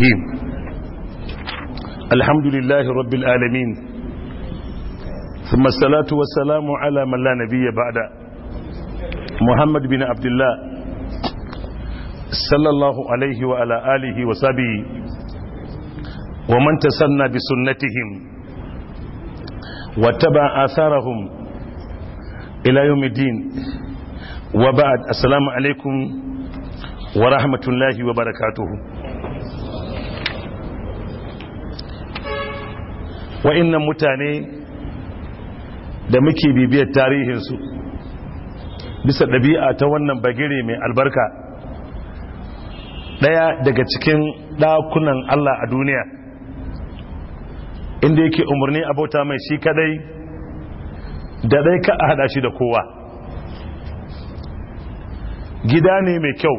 الرحيم الحمد لله رب العالمين ثم الصلاة والسلام على من لا نبي بعد محمد بن عبد الله صلى الله عليه وعلى آله وصحبه ومن تسنى بسنتهم واتبع آثارهم إلى يوم الدين وبعد السلام عليكم ورحمة الله وبركاته wa'innan mutane da muke bibiyar tarihinsu bisa ɗabi'a ta wannan bagire mai albarka ɗaya daga cikin ɗakunan Allah a duniya inda yake umarni abota mai shi kadai da ɗai ka a haɗa shi da kowa gida ne mai kyau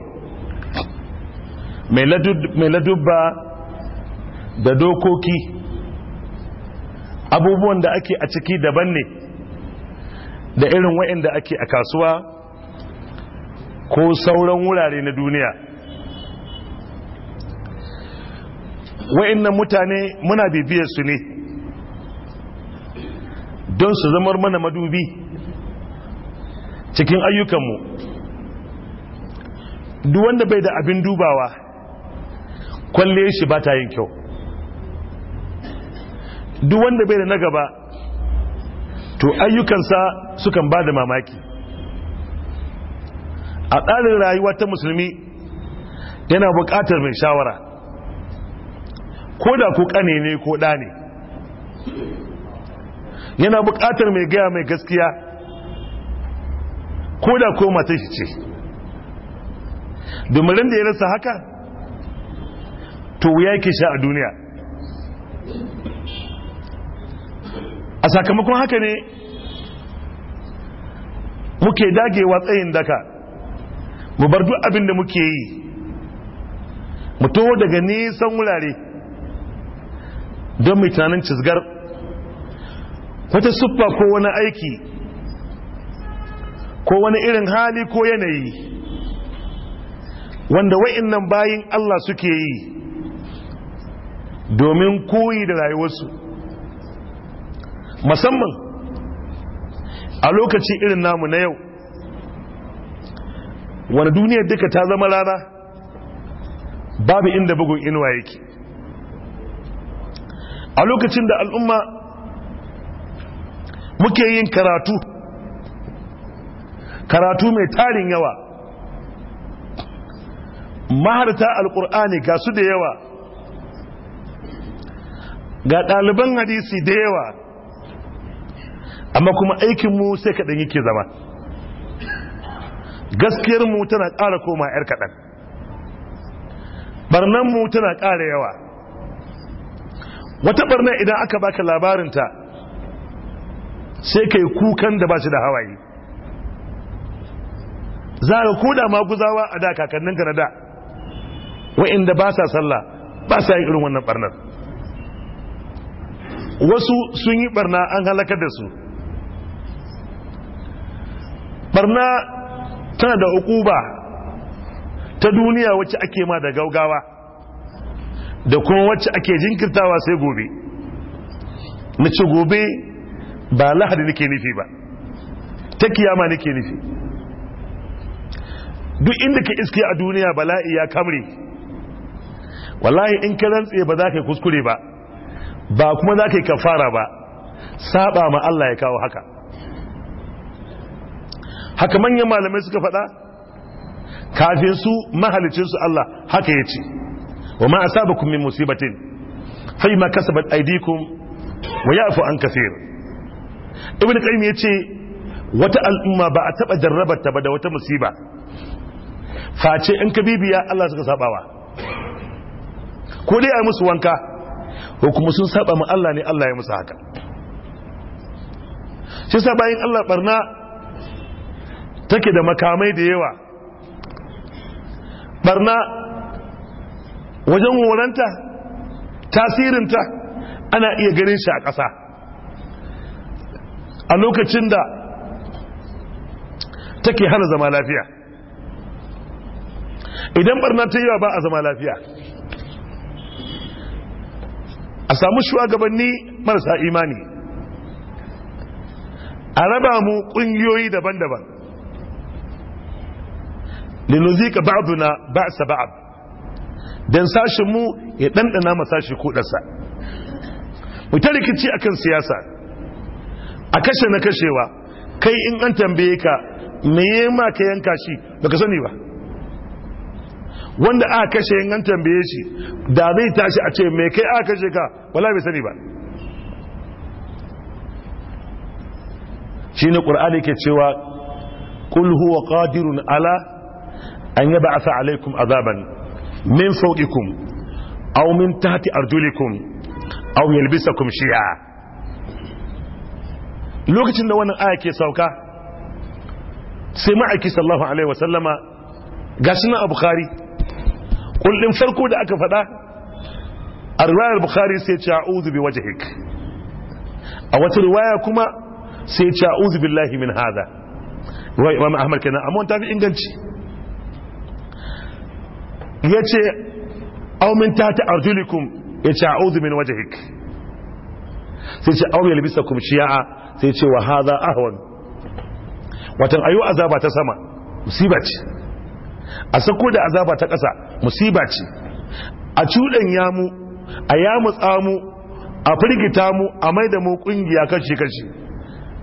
mai ladubba da dokoki abubuwan da ake a ciki daban ne da irin da ake a kasuwa ko sauran wurare na duniya wa'in nan mutane muna bibiyar su ne don su zamar mana madubi cikin ayyukanmu duk bai da abin dubawa kwalle shi ba ta yin kyau duk wanda bai da na gaba to ayyukansa sukan ba da mamaki a tsarin rayuwa ta musulmi yana buƙatar mai shawara ko da ku kane ne ko ɗa ne yana buƙatar mai gaya mai gaskiya ko da ko mata shi ce domin da ya rasa haka to wuya ke sha a duniya sakamakon haka ne muke dagewa tsayin daka mu bar duk abin da muke yi mu daga nisan wurare don mai tunanin cizgar wata siffa ko wani aiki ko wani irin hali ko yanayi wanda nan bayin Allah suke yi domin koyi da rayuwarsu musamman a lokaci irin namu na yau wani duniya duka ta zama rana babu inda bugun inuwa yake a lokacin da al'umma muke yin karatu karatu mai tarin yawa maharta alkur'ani ga su da yawa ga ɗaliban hadisi da yawa amma kuma aikin mu sai kaɗan yake zama gaskiyar mu tana ƙara koma 'yar kaɗan barnan mu tana ƙara yawa wata barna idan aka baka labarinta sai kai kukan da ba shi da hawaye za ka koda guzawa a da kakanninka na da wa'inda ba sa sallah ba sa yin irin wannan barnar wasu sun yi barna an halakar da su barna tana da hukuba ta duniya wacce ake ma da gaugawa da kuma wacce ake jinkirtawa sai gobe na ce gobe ba lahadi nake nufi ba ta kiyama nake nufi duk inda ka iske a duniya bala'i ya kamre wallahi in ka rantse ba za ka yi kuskure ba ba kuma za ka yi kafara ba saba ma Allah ya kawo haka haka manyan malamai suka faɗa kafin su mahalicin Allah haka ya ce wa ma asabakum min musibatin fa ma kasabat aydikum wa ya'fu an kaseer ibn qayyim yace wata al'umma ba a taba jarrabar ta ba da wata musiba face in ka bibiya Allah suka sabawa ko dai ai musu wanka ko kuma sun saba ma Allah ne Allah ya musu haka shi sa Allah barna take da makamai da yawa barna wajen horanta tasirinta ana iya ganin shi a ƙasa a lokacin da take hana zama lafiya idan barna ta yawa ba a zama lafiya a samu shugabanni marasa imani a raba mu ƙungiyoyi daban-daban linuzika ba'duna ba'sa ba'd dan sashin mu ya dandana ma sashi kudarsa mu ta rikici akan siyasa a kashe na kashewa kai in an tambaye ka me yayi ma ka yanka shi baka sani ba wanda aka kashe in an tambaye shi da zai tashi a ce me kai aka kashe ka wala bai sani ba shine qur'ani ke cewa kul huwa qadirun ala an yaba asa alaikum azaban min fawqikum aw min tahti arjulikum aw yalbisakum shi'a lokacin da wannan aya ke sauka sai ma'aiki sallallahu alaihi wa sallama gashi na bukhari kullum farko da aka faɗa a riwayar bukhari sai ce a'udhu bi wajhik a wata riwaya kuma sai ce a'udhu billahi min hadha wa imam ahmad kenan amma ta fi inganci ya ce min ta ta arjulikum ya ce a'udhu min wajhik sai ce bisa yalbisakum shi'a sai ce wa hadha ahwan watan ayu azaba ta sama musiba ce a sako da azaba ta ƙasa musiba ce a cuɗan yamu a yamu tsamu a firgita mu a maida mu kungiya kashi kashi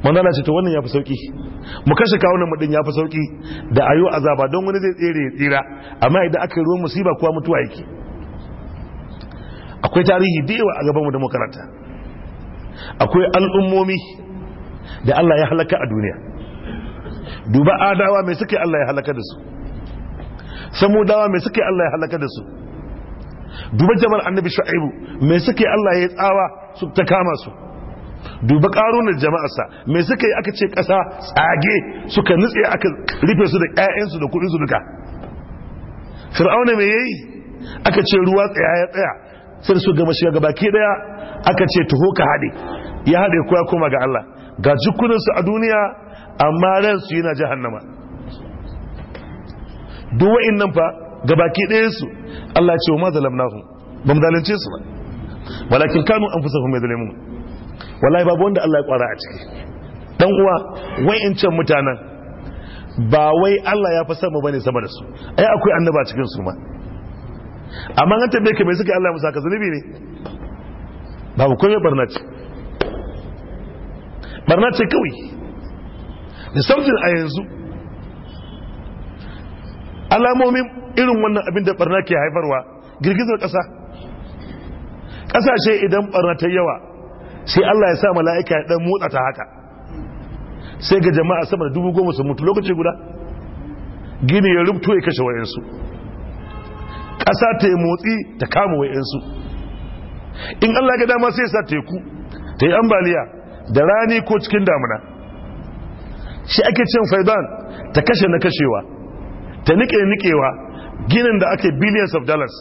manzala ce to wannan ya fi sauki mu kashe kawunan mudin ya sauki da ayo azaba don wani zai tsere ya tsira amma idan aka yi ruwan musiba kuwa mutuwa yake akwai tarihi da yawa a gaban mu da makaranta akwai al'ummomi da Allah ya halaka a duniya duba adawa mai suke Allah ya halaka da su samu dawa mai suke Allah ya halaka da su duba jama'ar annabi shu'aibu mai suke Allah ya tsawa su ta kama su duba karunan jama'arsa mai suka yi aka ce ƙasa tsage suka nutse aka rufe su da 'ya'yansu da su duka fir'auna mai yayi aka ce ruwa tsaya ya tsaya sai su gama shiga gabaki daya aka ce tuho ka hade ya haɗe kuwa koma ga Allah ga su a duniya amma su yana jahannama duk wa'annan fa gabaki ɗayan su Allah ya ce wa ma ba mu zalunce su ba walakin kanu anfusahum yadhlimun wallahi babu wanda Allah ya kwara a ciki dan uwa ce mutanen ba wai Allah ya fi mu bane sama da su ai akwai annaba cikin su ma amma an tambaye ke mai suka Allah musa ka zunubi ne babu komai barna ce barna ce kawai sautin a yanzu alamomin irin wannan abin da barna ke haifarwa girgizar ƙasa ƙasashe idan barna ta yawa sai Allah ya sa mala'ika ya ɗan motsa ta haka sai ga jama'a sama da dubu goma su mutu lokaci guda gini ya rubto ya kashe wayansu ƙasa ta yi motsi ta kama wayansu in Allah ga dama sai sa teku ta yi ambaliya da rani ko cikin damuna shi ake cin faidan ta kashe na kashewa ta nike nikewa ginin da ake billions of dollars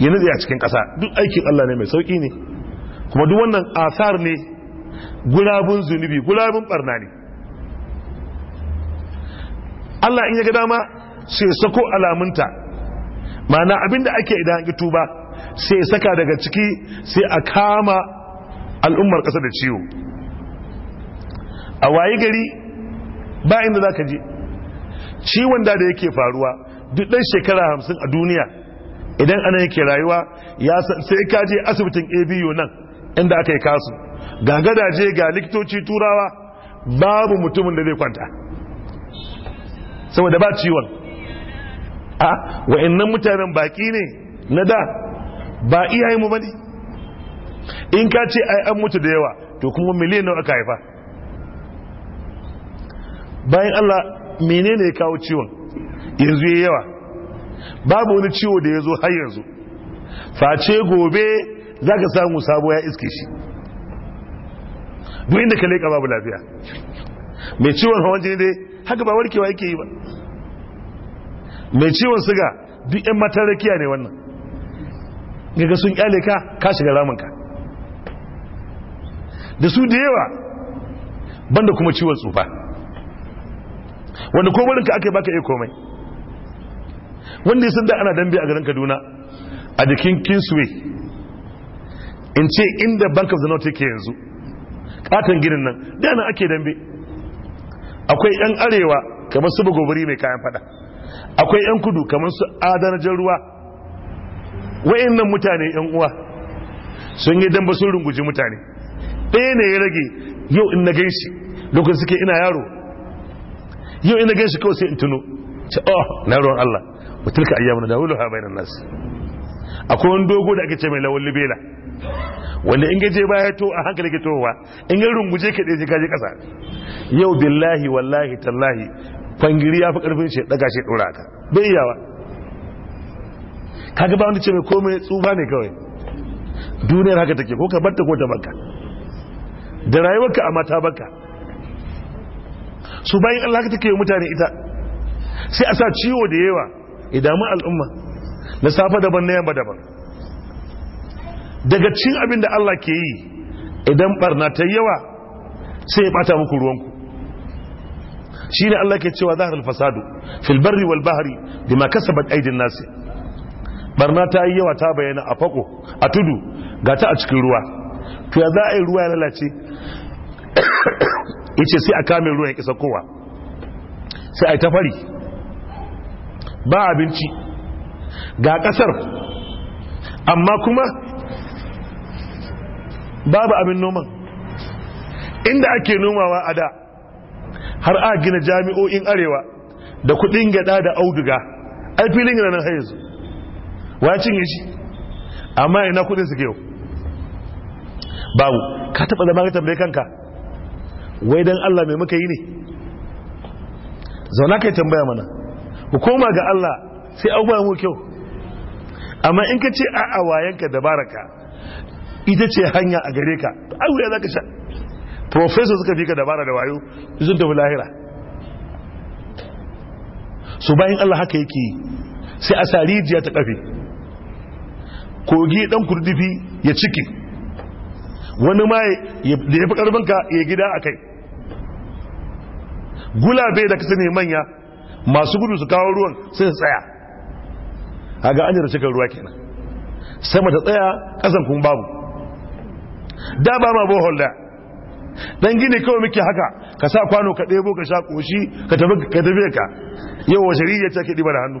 ya nutse a cikin ƙasa duk aikin Allah ne mai sauƙi ne kuma duk wannan asar ne gurabun zunubi gulabun barna ne Allah in ya ga dama sai sako alamunta ma'ana abinda ake idan an tuba sai saka daga ciki sai a kama al'ummar ƙasa da ciwo a waye gari ba inda za ka je ciwon da da yake faruwa duk ɗan shekara hamsin a duniya idan ana yake rayuwa ya sai ka je asibitin abu nan inda aka yi kasu ga gadaje ga likitoci turawa babu mutumin da zai kwanta saboda ba ciwon a wa'annan mutanen baki ne na da ba yi mu bane in ka ce ai an mutu da yawa to kuma miliyan nawa aka haifa bayan Allah menene ya kawo ciwon yanzu yawa babu wani ciwo da ya zo har yanzu face gobe za ka samu sabo ya iske shi duk inda ka leƙa babu lafiya mai ciwon hawan jini dai haka ba warkewa yake yi ba mai ciwon siga duk yan matan rakiya ne wannan gaga sun kyale ka ka shiga ramunka da su da yawa banda kuma ciwon tsufa wanda komarin ka aka yi baka iya komai wanda yi sun da ana dambe a garin kaduna a jikin kingsway in ce inda bank of the north yake yanzu katon ginin nan dana ake dambe akwai yan arewa kamar su bugobiri mai kayan fada akwai yan kudu kamar su adanajen ruwa nan mutane yan uwa sun yi damba sun runguji mutane ɗaya ne ya rage yau in na shi lokacin suke ina yaro yau in na ganshi kawai sai in tuno ce oh na ruwan Allah mutum ka ayyamu na dawulu ha bainan akwai wani dogo da ake ce mai lawan libela wanda in gaje baya to a hankali ke towa in ga runguje ka dai ka je kasa yau billahi wallahi tallahi fangiri ya fi karfin shi daga shi dora ka bai yawa. kaga ba wanda ce mai komai tsufa ne kawai duniyar haka take ko ka barta ko ta baka da rayuwarka a mata baka su bayan Allah take yi mutane ita sai a sa ciwo da yawa mu al'umma na safa daban na yamma daban daga cin abin da Allah ke yi idan barna ta yawa sai ya bata muku ruwanku shi ne Allah ke cewa zahar alfasadu fil barri wal bahri kasa kasabat aidin nasi barna ta yi yawa ta bayyana a fako a tudu ga ta a cikin ruwa to ya za a yi ruwa ya lalace yace sai a kame ruwa ya kisa kowa sai a yi tafari. ba abinci ga kasar amma kuma babu abin noman inda ake nomawa a da har a gina jami'o'in arewa da kudin gada da auduga ai filin yana nan haizu wacin yi shi amma ina kudin suke yau babu ka taba zama ka tambaye kanka wai dan Allah mai muka yi ne zauna kai tambaya mana ku koma ga Allah sai abubuwan mu kyau amma in ka ce a'a wayanka dabaraka ita ce hanya a gare ka ai wuya za sha professor suka fi ka dabara da wayo sun da lahira su bayan allah haka yake sai a ta kafe kogi dan kurdifi ya ciki wani ma da ya fi ka ya gida a kai gulabe da kasa ne manya masu gudu su kawo ruwan sai su tsaya haga an yi cikin ruwa kenan sama ta tsaya kasan kuma babu da ba ma bohol da dan gini kawai muke haka ka sa kwano ka ɗebo ka sha ƙoshi ka tafi ka tafi ka yau wajari ya ta ɗiba da hannu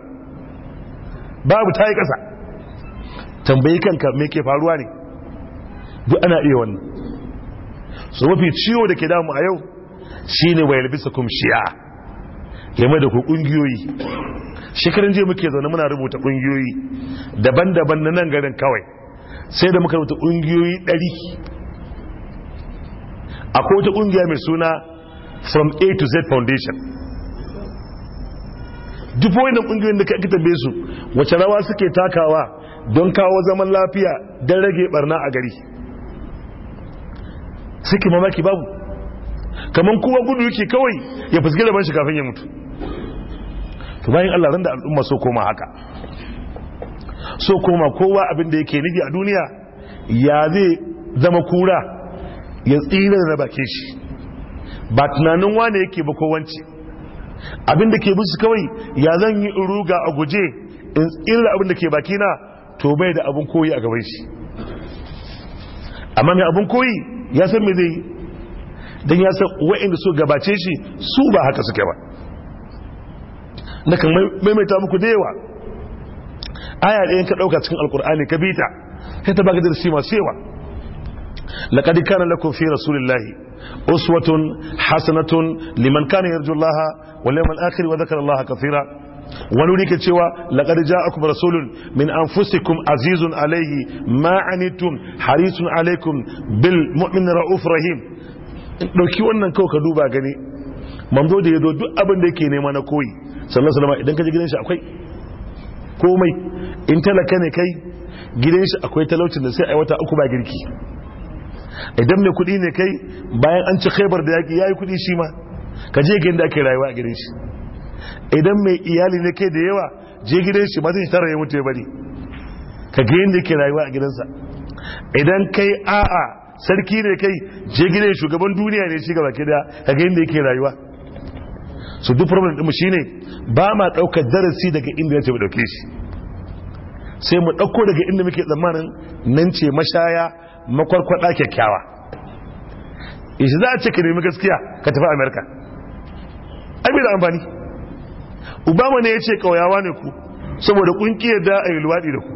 babu ta yi ƙasa tambayi kanka me ke faruwa ne duk ana iya wannan so mafi ciwo da ke damu a yau shine wayar bisa kum shi'a game da ku ƙungiyoyi shekarun jiya muke zaune muna rubuta ƙungiyoyi daban-daban na nan garin kawai sai da muka rubuta ƙungiyoyi ɗari akwai wata kungiya mai suna from a to z foundation duk wannan ƙungiyoyin da ka tambaye su wace rawa suke takawa don kawo zaman lafiya don rage barna a gari suke mamaki babu kamar kowa gudu yake kawai ya fuske da shi kafin ya mutu to bayan Allah ran da al'umma so koma haka so koma kowa abin da yake nufi a duniya ya zai zama kura ya tsira da bakin shi ba tunanin wane yake ba kowanci abin da ke bisu kawai ya zan yi ruga a guje in tsira abin da ke bakina to bai da abin koyi a gaban shi amma mai abin koyi ya san me zai don ya san wa'inda su gabace shi su ba haka suke ba na kan maimaita muku da yawa aya da yanka ɗauka cikin alkur'ani ka bita ta baka darasi masu yawa لقد كان لكم في رسول الله أسوة حسنة لمن كان يرجو الله واليوم الآخر وذكر الله كثيرا ونريك تشوى لقد جاءكم رسول من أنفسكم عزيز عليه ما عنتم حريص عليكم بالمؤمن رؤوف رحيم ɗauki wannan kawai ka duba gani manzo da ya duk abin da yake nema na koyi sallallahu alaihi idan ka je gidan shi akwai komai in talaka ne kai gidan shi akwai talaucin da sai a wata uku ba girki idan mai kuɗi ne kai bayan an ci khaibar da yaki yayi yi kuɗi shi ma ka je gidan da ake rayuwa a gidan shi idan mai iyali ne kai da yawa je gidan shi ba shi tara ya mutu ya bari ka ga yadda yake rayuwa a gidansa idan kai a'a sarki ne kai je gidan shugaban duniya ne shi gaba ke da ka ga yadda yake rayuwa su duk problem mu shine ba ma ɗaukar darasi daga inda yake ce ɗauke shi sai mu ɗauko daga inda muke tsammanin nan ce mashaya makwarkwada kyakkyawa ishi za a ce ka nemi gaskiya ka tafi amerika ai da amfani obama ne ya ce kauyawa ne ku saboda kunki ya da a yi luwaɗi da ku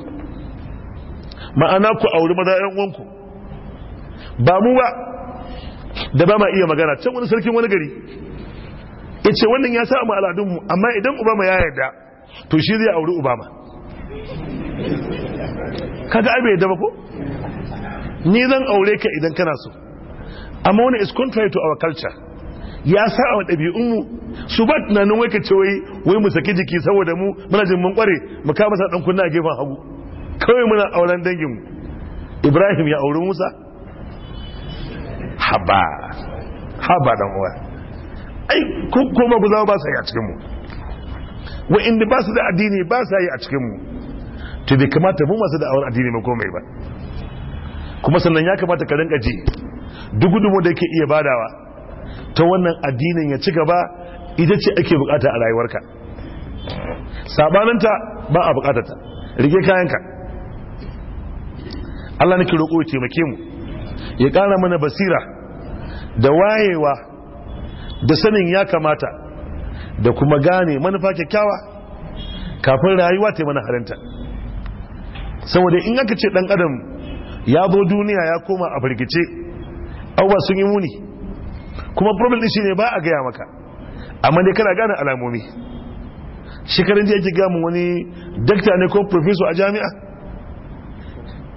ma'ana ku auri maza yan uwanku ba mu ba da ba ma iya magana can wani sarkin wani gari ya ce wannan ya sa al'adunmu amma idan obama ya yarda to shi zai auri obama Ka ga bai ya ko ni zan aure ka idan kana so amma wani is contrary to our culture ya sa a ɗabi'un mu su ba tunanin wai ka ce wai wai mu saki jiki saboda mu muna jin mun kware mu kama sa dan kunna a gefen hagu kawai muna auren dangin mu Ibrahim ya auri Musa haba haba dan uwa ai ko kuma ku zama ba sa yi a cikin mu inda ba su da addini ba sa yi a cikin mu to bai kamata mu masu da awon addini ba komai ba kuma sannan ya kamata ka rinka ji duk gudunmu da yake iya badawa ta wannan addinin ya ci gaba ita ce ake bukata a rayuwarka sabaninta ba a bukatata rike kayanka Allah nake roƙo ya taimake mu ya ƙara mana basira da wayewa da sanin ya kamata da kuma gane manufa kyakkyawa kafin rayuwa ta mana haranta saboda in aka ce ɗan adam ya zo duniya ya koma a firgice abubuwa sun yi muni kuma problem shi ne ba a gaya maka amma dai kana gane alamomi shekarun da yake gamun wani dakta ne ko professor a jami'a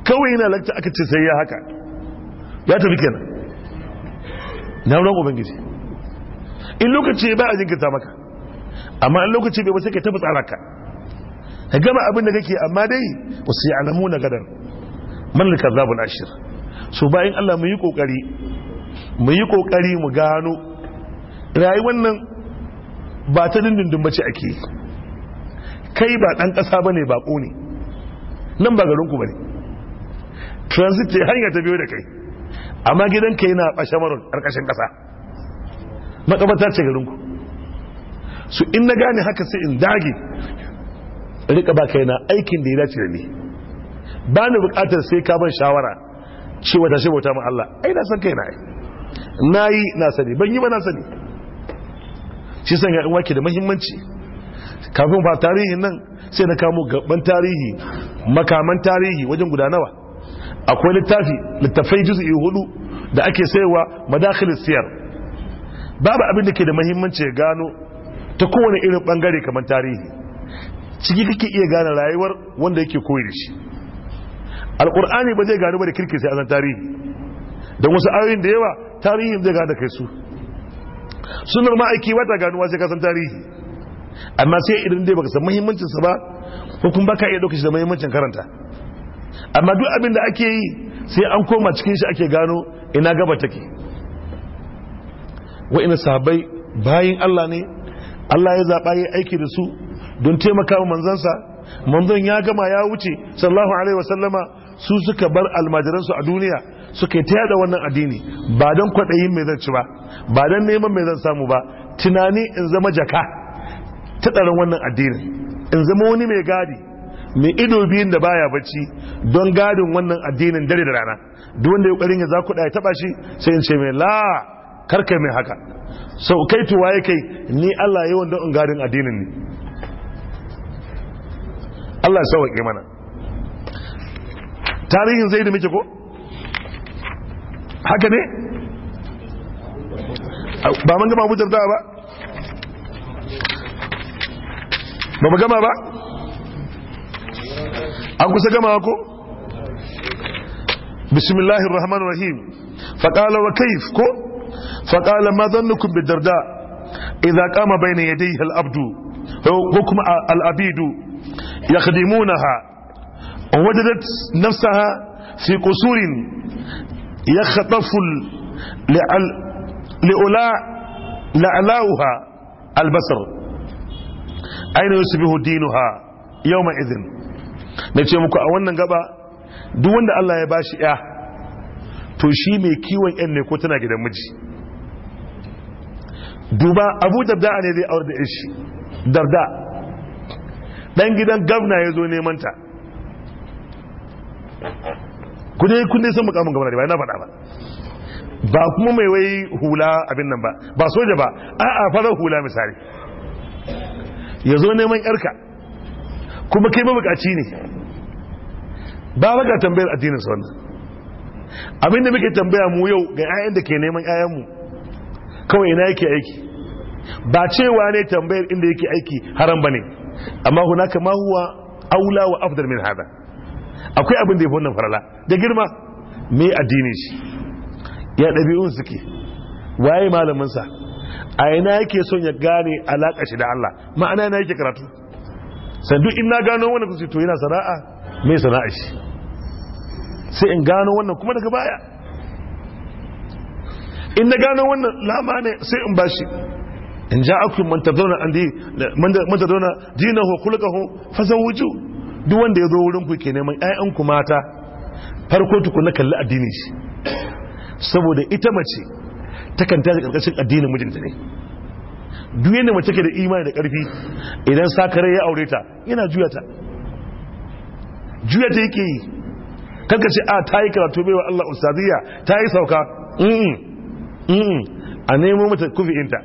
kawai yana lakta aka ce sai ya haka ya tafi kenan na ran ubangiji in lokaci ba a jinkirta maka amma in lokaci bai wasu ka tafi tsaraka ka ka gama abin da kake amma dai wasu yi alamu na gadar man kazzabul ashir so bayan Allah mu yi kokari mu yi kokari mu gano rayuwar nan ba ta dindindin bace ake kai ba dan kasa bane ko ne nan ba garin ku bane transit hanya ta biyo da kai amma gidanka yana maron karkashin kasa makabarta ce garin ku Su in na gane haka sai in dage rika ba kai na aikin da ya dace da ni ba ni bukatar sai ka ban shawara cewa wata shi bauta ma Allah ai na san kai na na yi na sani ban yi ba na sani shi san ga wake da muhimmanci kafin ba tarihin nan sai na kamo gaban tarihi makaman tarihi wajen guda akwai littafi littafai juz'i hudu da ake sayarwa madakhil siyar babu abin da ke da muhimmanci ya gano ta kowane irin bangare kamar tarihi ciki kake iya gane rayuwar wanda yake koyi da shi alkur'ani ba zai gano ba da kirki sai azan tarihi don wasu ayoyin da yawa tarihin zai gada kai su sunar ma'aiki wata ganuwa sai ka san tarihi amma sai idan dai baka san muhimmancin sa ba ko kuma baka iya dauka shi da muhimmancin karanta amma duk abin da ake yi sai an koma cikin shi ake gano ina gaba take wa'ina sahabbai bayin Allah ne Allah ya zaɓa ya aiki da su don taimaka wa manzansa manzon ya gama ya wuce sallallahu alaihi wasallama su suka bar almajiransu a duniya suka yi da wannan addini ba don kwaɗayin mai zan ci ba ba don neman mai zan samu ba tunani in zama jaka ta tsaron wannan addini in zama wani mai gadi mai ido biyun da baya bacci don gadin wannan addinin dare da rana duk wanda ya ƙoƙarin ya za ku ɗaya taɓa shi sai in ce mai la karka mai haka sau kai tuwa ya kai ni Allah yawan don in gadin addinin ne Allah ya sauwaƙe mana tarihin zai da muke ko haka ne ba mun gama abujar da ba ba mu gama ba an kusa gama ko bismillahir rahmanir rahim faqala wa kayf ko faqala ma dhannukum bidarda kama qama bayna yadayhi al-abdu ko kuma al na ha. وجدت نفسها في قصور يخطف لأولاء لعلاؤها البصر أين يشبه دينها يومئذ نتي muku a wannan gaba duk wanda Allah ya bashi ya to shi mai kiwon yan ne ko tana gidan miji duba Abu Darda ne zai aure da shi Darda dan gidan gabna ya manta. ku dai kun dai san mukamin gwamnati ba na faɗa ba ba kuma mai wai hula abin nan ba ba soja ba a'a fara hula misali ya zo neman yarka kuma kai mabukaci ne ba baka tambayar addinin sa wannan abin da muke tambaya mu yau ga 'ya'yan da ke neman mu kawai ina yake aiki ba cewa ne tambayar inda yake aiki haram bane ne amma hunaka ma huwa aula wa afdal min hada akwai abin da ya wannan farala da girma me addini shi ya ɗabi'un suke waye malaminsa a ina yake son ya gane alaƙa shi da Allah ma'ana yana yake karatu sai duk ina gano wannan kusa to yana sana'a me sana'a shi sai in gano wannan kuma daga baya in na gano wannan lama ne sai in bashi in ja'akum man tadawna andi man tadawna dinahu khulquhu fazawwiju duk wanda ya zo wurin ku ke neman ƴaƴan ku mata farko tukuna kalli addini shi saboda ita mace takan tashi karkashin addinin mijinta ne duk yadda mace ke da imani da karfi idan sakare ya aure ta yana juya ta juya ta yake yi kanka ce a ta yi karatu bai wa Allah ustaziya ta yi sauka a nemo mata inta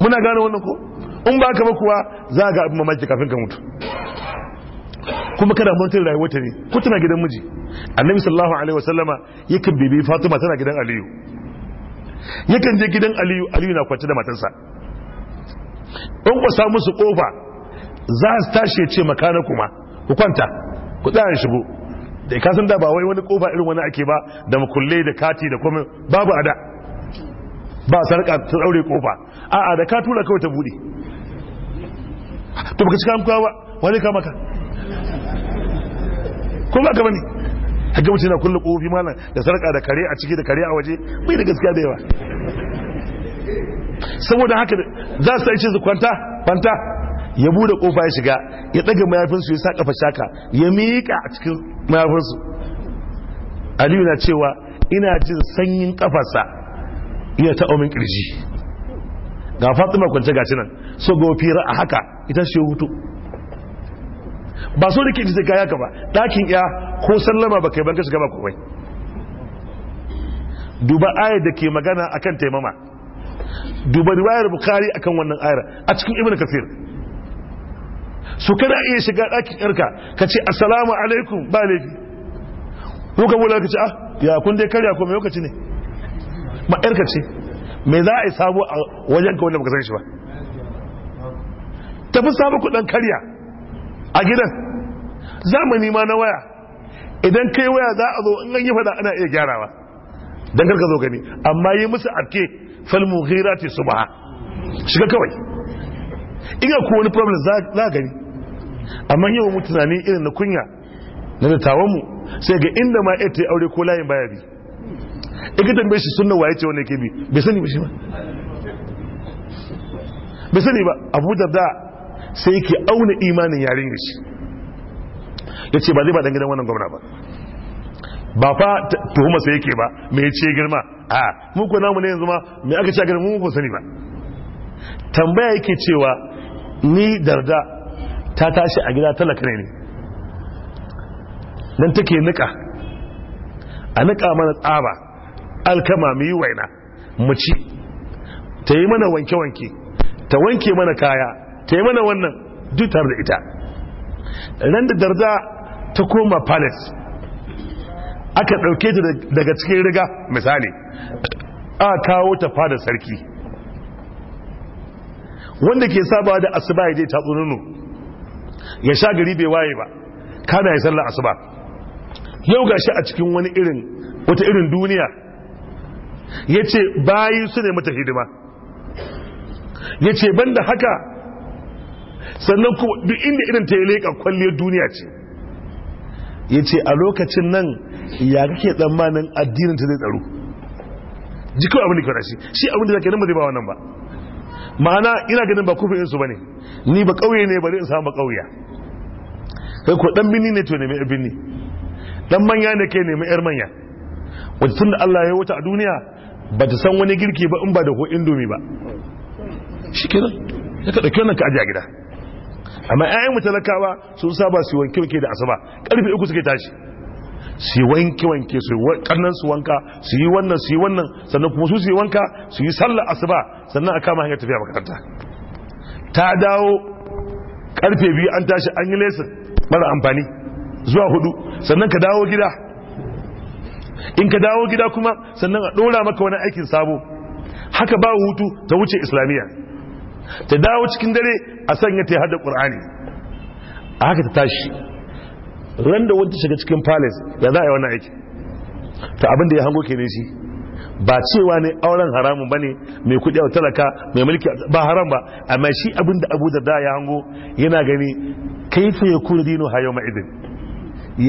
muna gane wannan ko in ba ka ba kuwa za ga abin mamaki kafin ka mutu kuma kana mantar rayuwa ta ne ko tana gidan miji annabi sallallahu alaihi wasallama yakan bibi fatima tana gidan aliyu yakan je gidan aliyu aliyu na kwance da matansa. in kwasa musu kofa za su tashi ce makana kuma ku kwanta ku tsaya shigo da ka san da ba wai wani kofa irin wani ake ba da makulle da kati da komai babu ada ba sarka ta daure kofa a'a da ka tura kawai ta bude to baka cika amkuwa ba wani kama ka ko ba ka bane haka mutum na kulle kofi malam da sarka da kare a ciki da kare a waje bai da gaskiya da yawa saboda haka za su aice su kwanta kwanta ya bude kofa ya shiga ya tsage mayafinsu ya sa kafa shaka ya miƙa a cikin mayafinsu aliyu na cewa ina jin sanyin kafarsa iya ta min kirji ga fatima kwance gashi nan so ga fira a haka ita ce hutu ba so rikici ji kaya ka ba ɗakin ya ko sallama ba kai ban ka shiga ba duba ayar da ke magana akan taimama duba riwayar bukari akan wannan ayar a cikin ibnu kafir su kana iya shiga dakin yarka ka ce assalamu alaikum ba laifi ko ka wula ka ce ah ya kun dai karya ko me lokaci ne ma Mai za a yi sabo a wajen ka wanda baka san shi ba tafi samu kudin karya a gidan zamani ma na waya idan kai waya za a zo in an yi fada ana iya gyarawa dan karka zo gani amma yi musu arke ce su ba shiga kawai Ina ko wani problem za gani amma yi wa mu tunani irin na kunya na dattawan mu sai ga inda ma ita aure ko layin baya bi Ikita ka shi sunna waye ce wani yake bi bai sani ba shi ba bai sani ba abu da sai yake auna imanin yarin shi ya ce ba zai ba dangane wannan gwamna ba ba fa tuhuma sai yake ba me ya ce girma a mu namu ne yanzu ma mai aka ce girma muku ko sani ba tambaya yake cewa ni darda ta tashi a gida talaka ne nan take nika a nika mana tsaba alkama mu yi waina mu ci ta yi mana wanke-wanke ta wanke mana kaya ta yi mana wannan duk da ita ran da darda ta koma palace aka ɗauke ta daga cikin riga misali a kawo ta fada sarki wanda ke saba da asuba ya je ta nono ya sha gari bai waye ba kana ya sallar asuba yau gashi a cikin wani irin wata irin duniya ya ce bayi su ne mata hidima ya ce ban da haka sannan kuma duk inda irin ta yi leƙa kwalliyar duniya ce ya ce a lokacin nan ya kake tsammanin addinin ta zai tsaro jikin abin da kyau shi shi abin da zaka nan ba zai ba wannan ba ma'ana ina ganin ba kufin su ne. ni ba ƙauye ne ba in samu ba kauya kai ko dan binni ne to ne mai binni dan manya ne kai ne mai yar manya wacce da Allah ya wata a duniya ba ta san wani girki ba in ba da ko indomi ba shi kira ya ka ɗauki wannan ka a gida amma 'ya'yan mu sun saba su wanke wanke da asuba karfe uku suke tashi su wanke wanke su karnan su wanka su yi wannan su yi wannan sannan kuma su su yi wanka su yi sallar asuba sannan a kama hanyar tafiya makaranta ta dawo karfe biyu an tashi an yi lesin mara amfani zuwa hudu sannan ka dawo gida in ka dawo gida kuma sannan a ɗora maka wani aikin sabo haka ba hutu ta wuce islamiyya ta dawo cikin dare a sanya ta hada ƙur'ani a haka ta tashi ran da wanda shiga cikin palace ya za a yi wani aiki ta abin da ya hango ke kenan shi ba cewa ne auren haramun ba ne mai kudi a talaka mai mulki ba haram ba amma shi abin da abu da ya hango yana gani kaifa ya kuna dino hayo ma'idin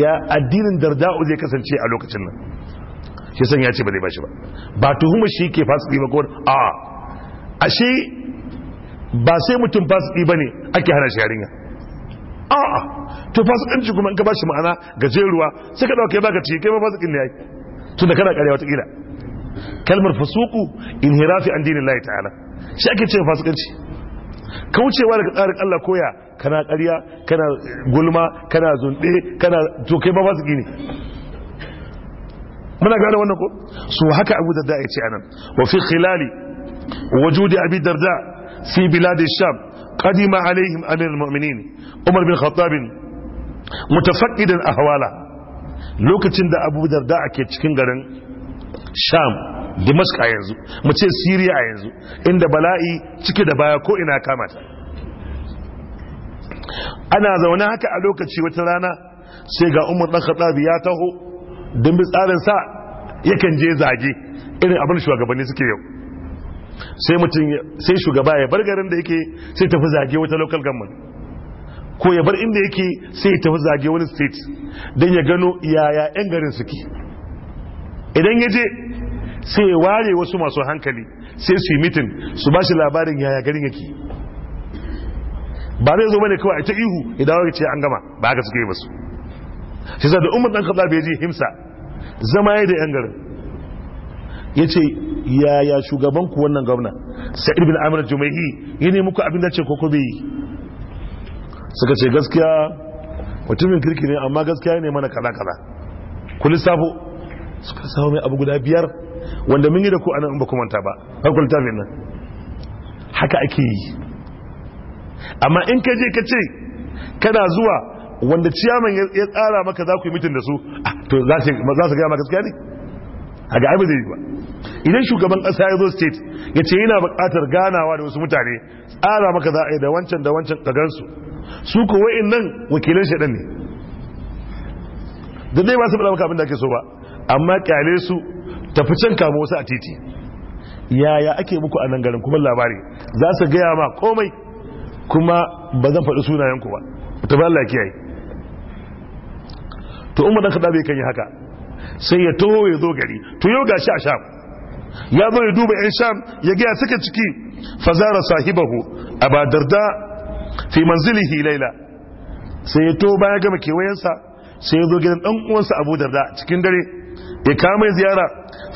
ya addinin darda'u zai kasance a lokacin nan shi san ya ce ba zai bashi ba ba tuhuma shi ke fasiki ba ko a ashe ba sai mutum fasiki bane ake hana shi yarinya a a to fasikanci kuma in ka bashi ma'ana gajeruwa sai ka dauke baka ci kai ba fasikin ne yayi tunda kana karewa ta kila kalmar fasuku inhirafi an dinin Allah ta'ala shi ake cewa fasikanci kaucewa daga tsarin Allah koya kana ƙarya kana gulma kana zunɗe kana to kai ba fasiki ne muna gane wannan ko Su haka abu darda ya ce anan wa fi khilali wajudi abi darda fi bilad sham qadima alaihim amir mu'minin umar bin khattab mutafaqqidan ahwala lokacin da abu darda ake cikin garin sham dimask a yanzu mu ce siriya a yanzu inda bala'i cike da baya ko ina kamata ana zaune haka a lokaci wata rana sai ga umar dan khattab ya taho don bi sa yakan je zage irin abin shugabanni suke yau sai mutum sai shugaba ya bar garin da yake sai tafi zage wata local government ko ya bar inda yake sai tafi zage wani state don ya gano yaya 'yan garin suke idan ya je sai ya ware wasu masu hankali sai su yi mitin su ba shi labarin yaya garin yake ba zai zo bane kawai ta ihu idan wani ce an gama ba haka suke yi ba su shi da umar dan kaza bai je himsa zama yi da yan garin Ya yace yaya shugaban ku wannan gwamna sa'id bin amir jumaihi ya ne muku abin da ce koko bai suka ce gaskiya mutumin kirki ne amma gaskiya ne mana kaza kaza ku lissafo suka samu mai abu guda biyar wanda mun yi da ku anan ba ku manta ba farkon littafin nan haka ake yi amma in ka je ka ce kana zuwa wanda ciyaman ya tsara maka za ku yi mitin da su ah, to za su gaya maka gaskiya ne a ga abu zai yi ba idan shugaban ƙasa ya zo state ya ce yana buƙatar ganawa da wasu mutane tsara maka za a yi da wancan da wancan gansu, su ko wa'in nan wakilan shaɗan ne da dai ba su faɗa maka abin da ake so ba amma ƙyale su tafi can kama wasu a titi yaya ake muku a nan garin kuma labari za su gaya ma komai kuma ba zan faɗi sunayenku ba ta ba Allah kiyaye to umar dan kadabi kan yi haka sai ya taho ya zo gari to yau gashi a sham ya zo ya duba yan sham ya ga suka ciki fazara sahibahu aba darda fi manzilihi laila sai ya taho baya gama kewayensa sai ya zo gidan dan uwansa abu darda cikin dare ya kama ziyara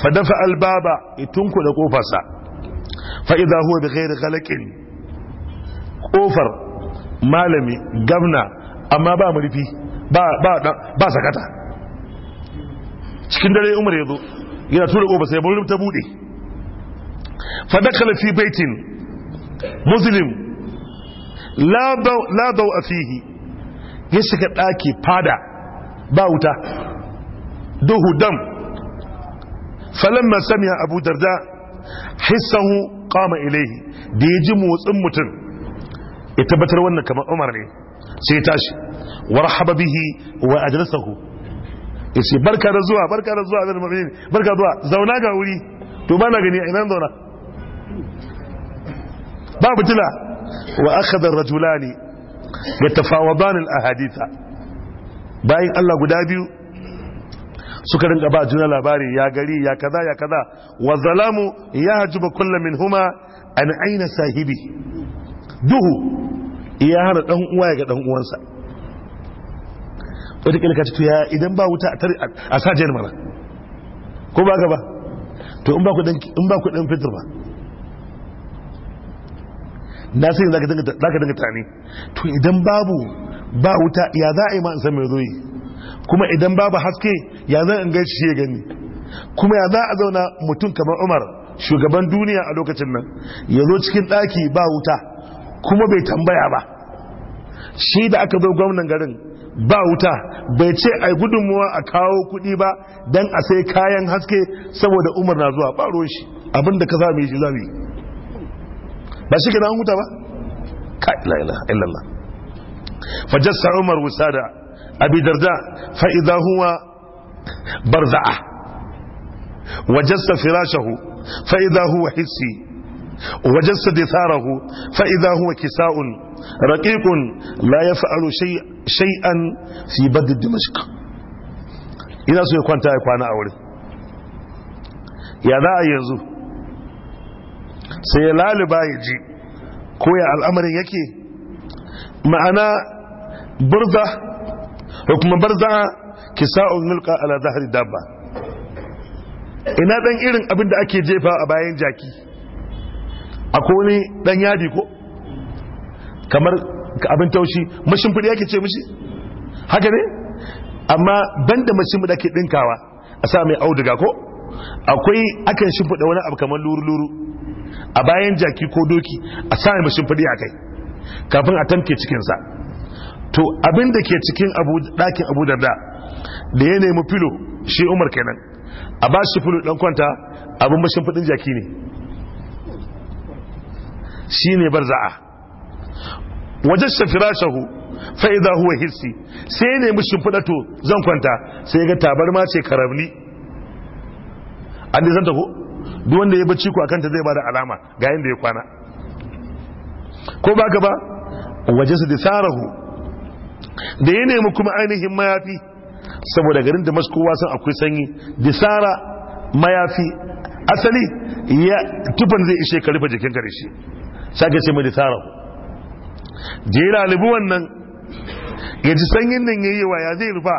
fa dafa albaba ya da kofarsa fa idza huwa bi ghairi ghalaqin kofar malami gabna amma ba mu ba sakata cikin dare umar ya zo yana tura ƙofa sai bari ta buɗe fadakala fi baitin muslim la a fihi ya shiga ɗaki fada ba wuta duhu dam falamma a abu darda hissahu kama ilaihi da ya ji motsin mutum ya tabbatar wannan kamar umar ne sai ya tashi warhaba bihi wa ajlisahu yace barka da zuwa barka da zuwa zan mu'minin barka zuwa zauna ga wuri to bana gani a ina zauna babu tila wa akhadha ar-rajulani yatafawadan al-ahaditha bayin Allah guda biyu suka rinka ba juna labari ya gari ya kaza ya kaza wa zalamu ya hajuba kullu minhuma an aina sahibi duhu ya hana dan uwa ga dan uwansa wata kilka ta ya idan ba wuta a sajiyar mana ko ba ka ba to in ba kudin fitar ba na sai za ka dinga tani to idan babu ba wuta ya za a yi ma in san mai zoyi kuma idan babu haske ya zan in gaishe shi ya gani kuma ya za a zauna mutum kamar umar shugaban duniya a lokacin nan ya zo cikin ɗaki ba wuta kuma bai tambaya ba shi da aka zo gwamnan garin ba wuta bai ce a yi gudunmuwa a kawo kuɗi ba don a sai kayan haske saboda umar na zuwa Ba shi abinda ka sami shi zami ba shi gina huta ba ka ila illallah fajassa umar wusada abi darda fa'iza huwa za’a wajassa firashahu fa'iza huwa hissi wajassa ditharahu fa'iza huwa kisa'un رقيق لا يفعل شيء شيئا في بد دمشق ina so ya kwanta ya kwana aure. wurin ya za a yanzu sai laliba ya koya ko ya al'amarin yake ma'ana burza ko kuma barza kisa'un milka ala zahari dabba ina dan irin abin da ake jefa a bayan jaki akwai wani dan yadi ko kamar abin taushi mashimfiɗi yake ce mishi haka ne amma banda mashimfiɗi ake ɗinkawa a sa mai auduga ko akwai akan shimfiɗa wani abu kamar luru-luru a bayan jaki ko doki a sa mai mashimfiɗi a kai kafin a tamke cikinsa to abin da ke cikin ɗakin abu da da da ya nemi filo shi umar kenan a ba shi filo dan kwanta abin mashimfiɗin jaki ne shi ne bar za'a wajen firashahu fa idza huwa hirsi sai ne mushin fudato zan kwanta sai ya ga tabarma ce karamni. an zan taho duk wanda ya bacci ku akan ta zai bada alama ga yanda ya kwana ko ba gaba wajasa disarahu da ya nemi kuma ainihin mayafi saboda garin da wasan akwai sanyi disara mayafi asali ya tufan zai ishe ka jikin ka sake sai ce mai disarahu je lalibu wannan ya ji sanyin nan yayi wa ya zai rufa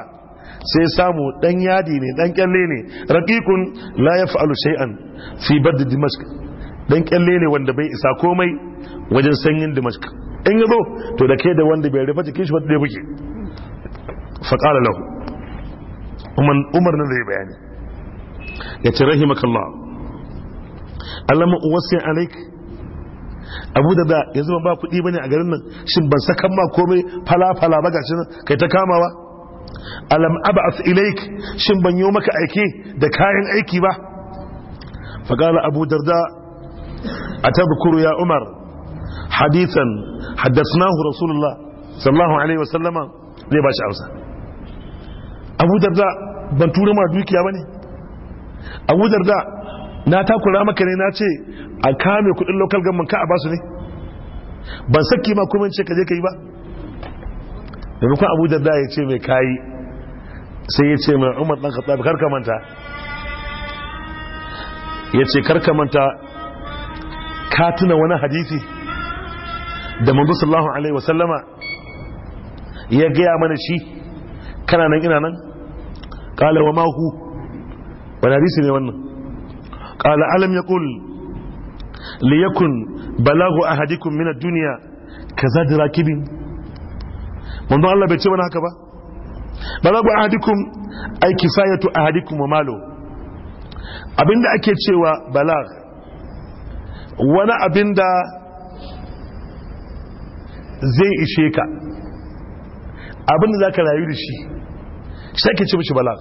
sai samu dan yadi ne dan kyalle ne raqiqun la yaf'alu shay'an fi bard dimashq dan kyalle ne wanda bai isa komai wajen sanyin dimashq in yazo to da ke da wanda bai rufa jikin shi ba dai buke fa qala lahu umar umar nan zai bayani ya ce rahimakallah Allah uwasi alayka abu da da yanzu ban ba kuɗi bane a garin nan shin ban sakan ma komai fala fala ba gashi nan kai ta kamawa alam ab'ath ilaik shin ban yi maka aiki da kayan aiki ba fa qala abu darda atadhkuru ya umar hadithan haddathnahu rasulullah sallallahu alaihi wa sallama. zai bashi shi amsa abu darda ban tura ma dukiya bane abu darda na takura maka ne na ce a kame kudin local government ka a basu ne ban saki ma kuma ce kaje ka yi ba maimakon abu da ya ce mai kayi sai ya ce mai umar dan khattab ka manta ya ce ka manta ka tuna wani hadisi da manzo sallallahu alaihi wasallama ya gaya mana shi kana nan ina nan kala wa mahu wani hadisi ne wannan qala alam yaqul liyakun balagu ahadikum min ad-dunya kaza dirakibin manzo Allah bai ce mana haka ba balagu ahadikum ay kifayatu ahadikum wa malu abinda ake cewa balag wani abinda zai ishe ka abinda zaka rayu da shi shi ake ce mishi balag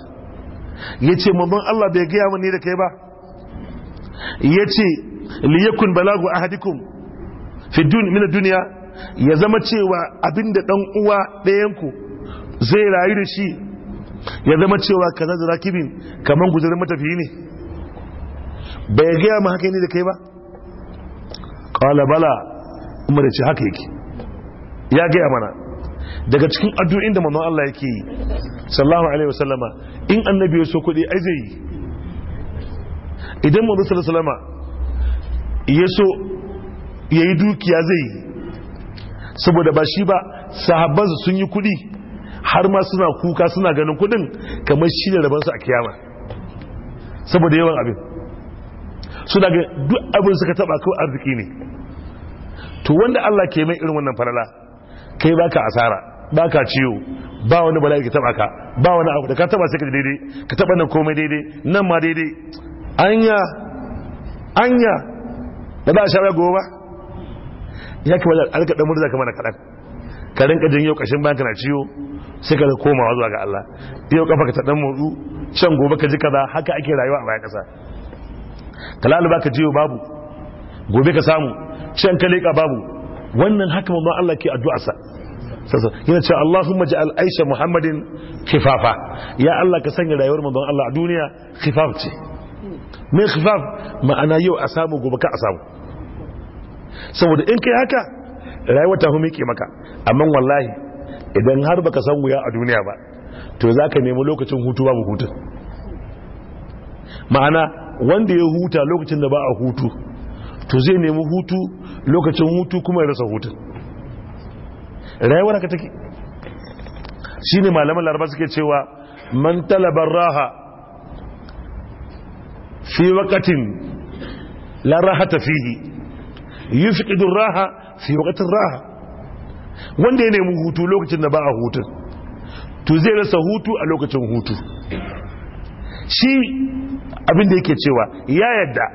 ce manzon Allah bai gaya yawa ne da kai ba yace liyakun balagu ahadikum fi dun min dunya ya zama cewa abinda dan uwa ɗayan ku zai rayu da shi ya zama cewa kaza da rakibin kaman guzurin matafiyi ne bai gaya ma haka ne da kai ba qala bala umar ce haka yake ya gaya mana daga cikin addu'in da manzon Allah yake yi sallallahu alaihi wasallama in annabi ya so kuɗi ai zai yi idan mazu salasalama ya so ya yi dukiya zai yi saboda ba shi ba su sun yi kudi har ma suna kuka suna ganin kudin kamar shi ne rabansu a kiyama saboda yawan abin suna ga duk abin suka taba kawai arziki ne to wanda Allah ke mai irin wannan falala kai baka asara baka ciwo ba wani bala'i ka taba ka ba wani abu da ka taba sai ka daidai ka taba nan komai daidai nan ma daidai anya anya ba shawara goba? ba ya ki da alka dan murza kamar kaɗan ka rinka jin yau ƙashin bayan na ciwo sai ka komawa zuwa ga Allah yau kafa ka ta dan motsu can gobe ka ji kaza haka ake rayuwa a bayan ƙasa ka ba ka jiyo babu gobe ka samu can ka leƙa babu wannan haka mamma Allah ke sa sasa yana cewa Allahumma ja'al Aisha Muhammadin kifafa ya Allah ka sanya rayuwar manzon Allah a duniya kifaf ce mikhfaf ma'ana yau a samu gobe ka a samu saboda in kai haka rayuwar ta hume ke maka amma wallahi idan har baka san wuya a duniya ba to za ka nemi lokacin hutu babu hutun ma'ana wanda ya huta lokacin da ba a hutu to zai nemi hutu lokacin hutu kuma ya rasa hutu rayuwar haka take shine malaman laraba suke cewa man talabar raha fi wakatin la raha ta fihi yufqidu raha fi wakatin raha wanda ya nemi hutu lokacin da ba a hutun to zai rasa hutu a lokacin hutu shi abin da yake cewa ya yadda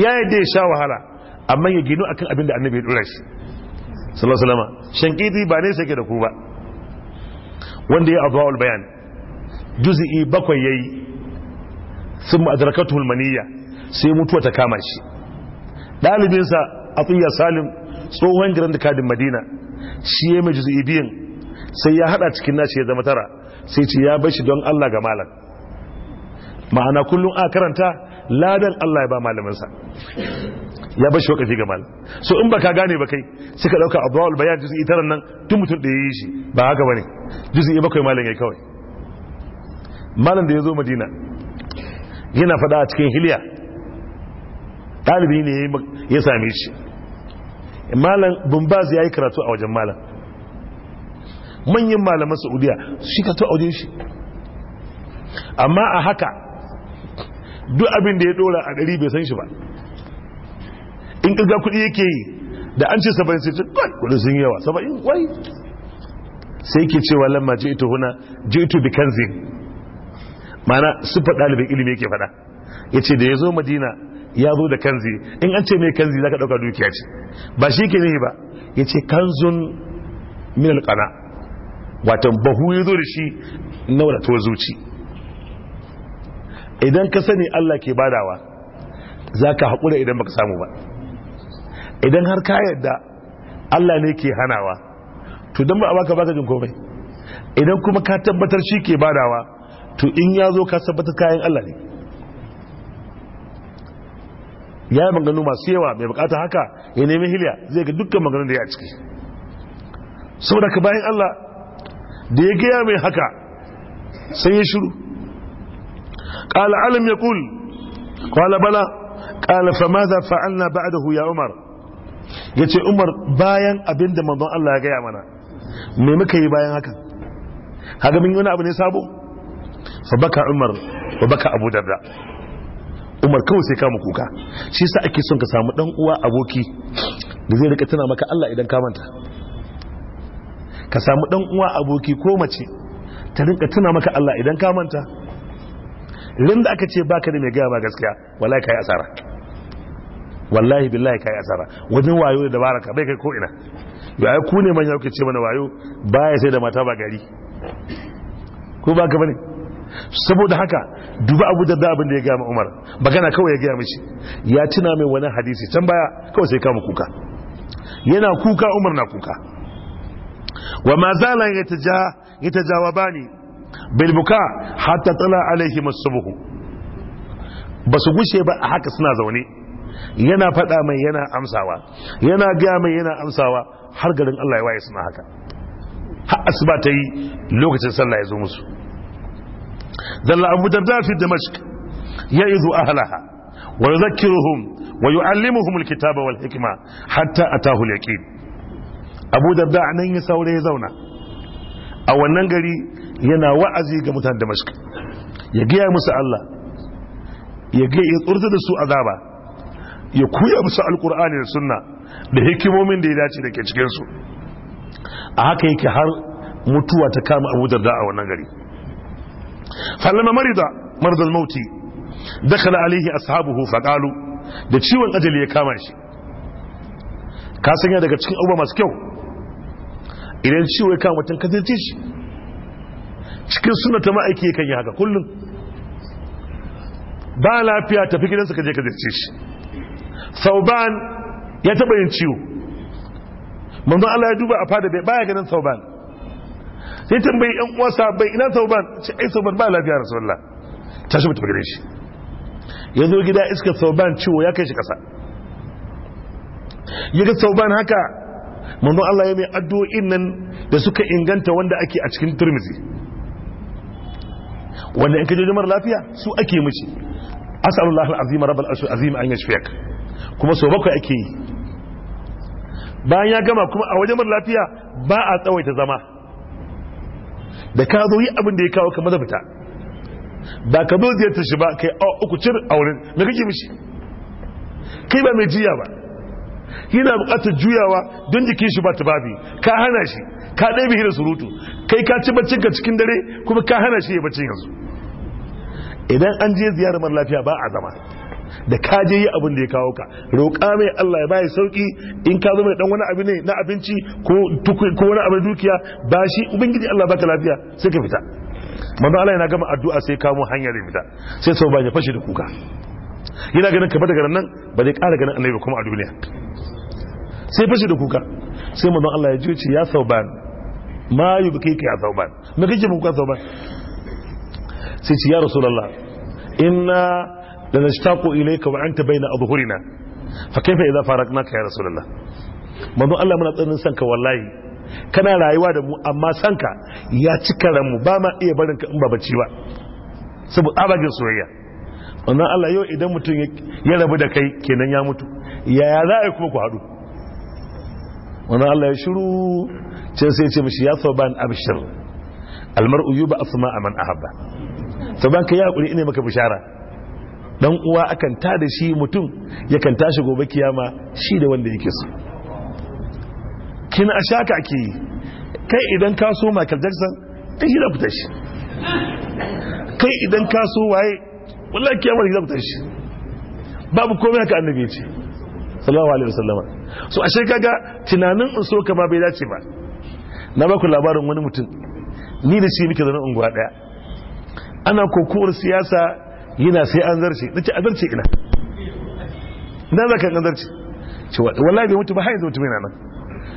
ya yadda ya sha wahala amma ya gino akan abinda da annabi ya dora shi sallallahu alaihi wasallam shankiti ba ne sake da ku ba wanda ya abawul bayan juz'i bakwai yayi sun ma'adarakatu hulmaniya sai mutuwa ta kama shi ɗalibinsa a tsuya salim tsohon girin da kadin madina shi ya mai juzi ibiyin sai ya haɗa cikin nashi ya zama tara sai ce ya bai shi don allah ga malam ma'ana kullum a karanta ladan allah ya ba malaminsa ya bai shi wakafi ga malam so in baka gane ba kai suka ɗauka abuwa bayan juzi itaran nan tun mutum da ya yi shi ba haka ba ne juzi bakwai malam ya kawai malam da ya zo madina yana fada a cikin hiliya ɗalibi ne ya same shi malam bumbaz ya yi karatu a wajen malam manyan malaman saudiya shi ka a shi amma a haka duk abin da ya dora a ɗari bai san shi ba in ƙirga kuɗi yake yi da an ce saba'in sai ce kuɗi sun yawa saba'in kwai sai ke cewa lamma ji ito huna ji ito bi kanzin mana sufar ɗalibin ilimi yake faɗa ya ce da ya zo madina ya zo da kanzi in an ce mai kanzi za ka ɗauka dukiya ce ba shi ke ba ya ce kanzun min alƙana watan bahu ya zo da shi na wadatuwa zuci idan ka sani allah ke badawa za ka haƙura idan baka samu ba idan har ka yadda allah ne ke hanawa to don ba a baka baka jin komai idan kuma ka tabbatar shi ke badawa to in ya zo ka sabbata kayan Allah ne ya yi maganganu masu yawa mai bukata haka ya nemi hiliya zai ga dukkan maganganun da ya ciki saboda ka bayan Allah da ya gaya mai haka sai ya shiru ƙala alam ya kul ƙwala bala ƙala fama za fa’an ba'dahu ya umar ya ce umar bayan abin da manzon Allah ya gaya mana me muka yi bayan hakan haka min wani abu ne sabo fa baka umar wa baka abu darda umar kawai sai kama kuka shi sa ake son ka samu dan uwa aboki da zai rika tana maka Allah idan ka manta ka samu dan uwa aboki ko mace ta rinka tana maka Allah idan ka manta rin da aka ce baka da mai gaya ba gaskiya wallahi kai asara wallahi billahi kai asara wajen wayo da baraka bai kai ko ina ya ku ne manya kuke ce mana wayo baya sai da mata ba gari ko baka bane saboda haka duba abu da abin da ya gama umar magana kawai ya gaya mishi ya tuna mai wani hadisi can baya kawai sai kama kuka yana kuka umar na kuka wa ma zala ya ta ne bilbuka hatta tsala alaihi masu ba su gushe ba a haka suna zaune yana faɗa mai yana amsawa yana gaya mai yana amsawa har garin allah ya waye suna haka har asuba ta yi lokacin sallah ya zo musu Dallla Abu da da fi damask ya yi zu'a halaha. Wai zakkirun waya alli mu fi mulki taba wal hikima. Hata a ta hulɗa ki. ya zauna. A wannan gari yana wa'azi ga mutanen Damask. Ya gaya musu Allah. Ya tsurta da su azaba. Ya kuya masu al da sunna. Da hikimomin da ya dace da ke cikinsu. A haka yake har mutuwa ta kama Abu da da a wannan gari. falama marida marzal mauti dakhala alaihi ashabuhu faqalu da ciwon ajali ya kama shi ka sanya daga cikin abubuwa masu kyau idan ciwo ya kama mutum ka zirce shi cikin suna ta ma'aiki kan yi haka kullum ba lafiya tafi gidansa ka je ka zirce shi sauban ya taɓa yin ciwo manzo Allah ya duba a fada bai baya ganin sauban sai tambayi yan uwa sahabbai ina sauban? ce ai sauban ba lafiya Allah ta shi mutu gare shi ya zo gida iska sauban ciwo ya kai shi kasa ya ga tauban haka manzon Allah ya mai addu'o'in nan da suka inganta wanda ake a cikin turmizi wanda in ka je mara lafiya su ake mishi asalullah al'azim rabbal arshil azim an yashfiyak kuma so bakwai ake yi bayan ya gama kuma a wajen mara lafiya ba a tsawaita zama da ka zo yi abin da ya kawo ka da fita ba ka zo ziyartar shi ba kai a uku auren auren na kake mishi kai ba mai jiya ba yana bukatar juyawa don jikin shi ba babi ka hana shi ka ɗaya bihi da surutu kai ka ci baccin ka cikin dare kuma ka hana shi ya baccin yanzu idan an je ziyarar mara lafiya ba a zama da ka je yi abin da ya kawo ka roƙa mai Allah ya baya sauki in ka zo mai dan wani abu ne na abinci ko ko wani abu dukiya ba shi ubangiji Allah baka lafiya sai ka fita manzo Allah yana gama addu'a sai kamo hanyar da fita sai sau ba ya fashe da kuka yana ganin ka daga nan ba zai ƙara ganin annabi kuma a duniya sai fashe da kuka sai manzo Allah ya ji ce ya ba ma bukai ka ya ba me kake mu kuka ba sai ce ya rasulullah inna لنشتاق إليك وأنت بين أظهرنا فكيف إذا فارقناك يا رسول الله manzo Allah mana tsanin sanka wallahi kana rayuwa da mu amma sanka ya cika ranmu ba ma iya barin ka in ba bacci ba saboda abagin soyayya wannan Allah yau idan mutum ya rabu da kai kenan ya mutu yaya za a yi kuma ku haɗu wannan Allah ya shiru ce sai ce mishi ya sauban abshir almar'u yuba asma man ahabba sauban ka ya hakuri ina maka bishara dan uwa akan ta da shi mutum yakan tashi gobe kiyama shi da wanda yake so kina a shaka ake yi kai idan ka so michael jackson ta shi da fita shi kai idan ka so waye wallahi kiyama da fita shi babu komai haka annabi ce sallallahu alaihi wasallam so ashe kaga tunanin in so kama bai dace ba na baku labarin wani mutum ni da shi muke zaune unguwa daya ana kokowar siyasa yana sai an zarce na ce a zarce ina na zaka kan zarce ce wallahi bai mutu ba haizu mutum yana nan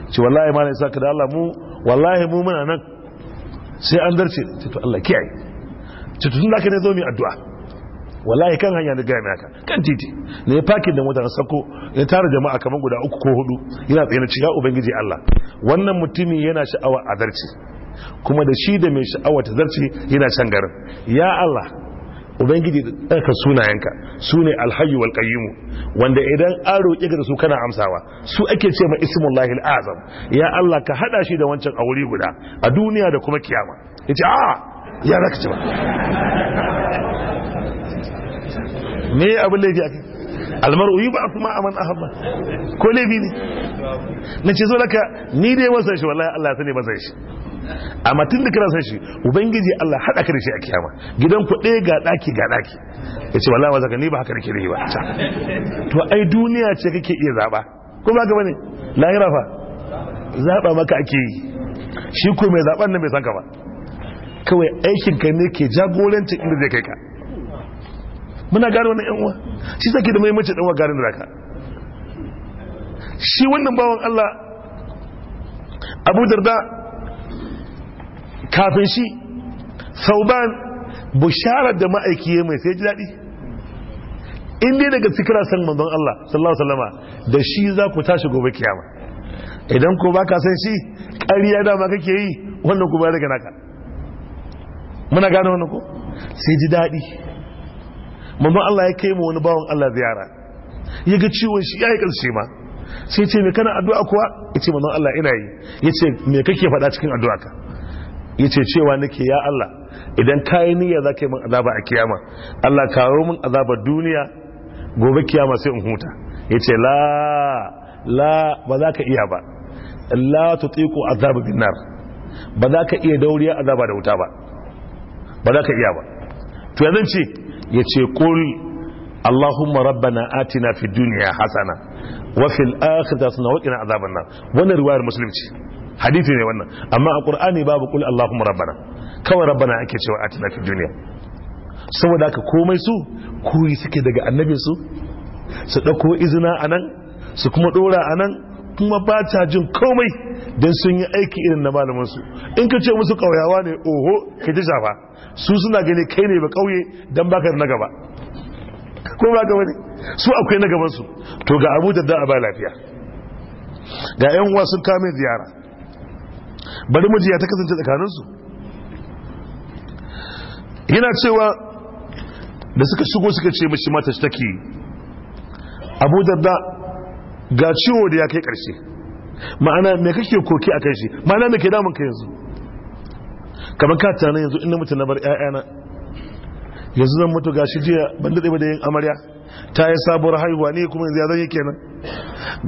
ce wallahi ma ne saka da Allah mu wallahi mu muna nan sai an zarce ce to Allah kiyaye ce to tun da ka ne zo mi addu'a wallahi kan hanya da gaya aka kan titi ne fakin da na sako ya tara jama'a kamar guda uku ko hudu yana tsaye na ya ubangiji Allah wannan mutumin yana sha'awa a zarce kuma da shi da mai sha'awa ta zarce yana can garin ya Allah ubangiji da ɗarka sunayenka su ne alhayu wal wanda idan an roƙi ga su kana amsawa su ake ce ma ismullahi azam ya Allah ka hada shi da wancan a wuri guda a duniya da kuma kiyama yace a ya ah, zaka ci ba me abin laifi a kai almaru yi ba a kuma aman ahabba ko laifi ne na ce zo laka ni dai wasan shi wallahi Allah ya sani ba shi amma tun da kana san shi ubangiji Allah hada ka da shi a kiyama gidan ku ɗaya ga ɗaki ga ɗaki ya ce wallahi zaka ni ba haka nake yi ba to ai duniya ce kake iya zaɓa ko ba ka bane lahira fa zaɓa maka ake yi shi ko mai zaban nan bai san ka ba kawai aikin ka ne ke jagorancin inda zai kai ka muna gari wannan yan uwa shi sake da mace dan uwa garin da ka shi wannan bawan Allah Abu Darda kafin shi sauban bisharar da ma'aiki ya mai sai ji daɗi in daga fikira san manzon Allah sallallahu alaihi wasallam da shi za ku tashi gobe kiyama idan ko baka san shi ƙarya ma kake yi wannan ku ba daga naka muna gane wannan ko sai ji daɗi manzon Allah ya kai mu wani bawan Allah ziyara ya ga ciwon shi ya yi ƙarshe ma sai ce me kana addu'a kuwa ya ce manzon Allah ina yi ya ce me kake faɗa cikin addu'a ka yace cewa nake ya Allah idan kayi niyya za ka yi min azaba a kiyama Allah karo min azabar duniya gobe kiyama sai in huta yace la la ba za ka iya ba la tutiqu azaba bin ba za ka iya dauriya azaba da wuta ba ba za ka iya ba to yanzu ce yace qul Allahumma rabbana atina fid dunya hasana wa fil akhirati hasana wa qina azaban nar wannan riwayar musulunci. hadisi ne wannan amma a qur'ani babu kul allahumma rabbana kawai rabbana ake cewa a tana duniya saboda haka komai su koyi suke daga annabin su su dauko izina anan su kuma dora anan kuma ba ta jin komai don sun yi aiki irin na malamansu in ka ce musu ƙauyawa ne oho ka ji shafa su suna gani kai ne ba ƙauye don baka na gaba ko ba ga wani su akwai na gabansu to ga abu da a ba lafiya ga yan uwa sun kame ziyara bari mijiya ta kasance tsakaninsu yana cewa da suka shigo suka ce mashi mata shi take abu darda ga ciwo da ya kai karshe ma'ana me kake koki a kai shi ma'ana me ke damun ka yanzu kamar ka tana yanzu inda mutu na bar ƴaƴana yanzu zan mutu gashi jiya ban daɗe ba da yin amarya ta yi sabuwar haihuwa ne kuma yanzu ya zan yi kenan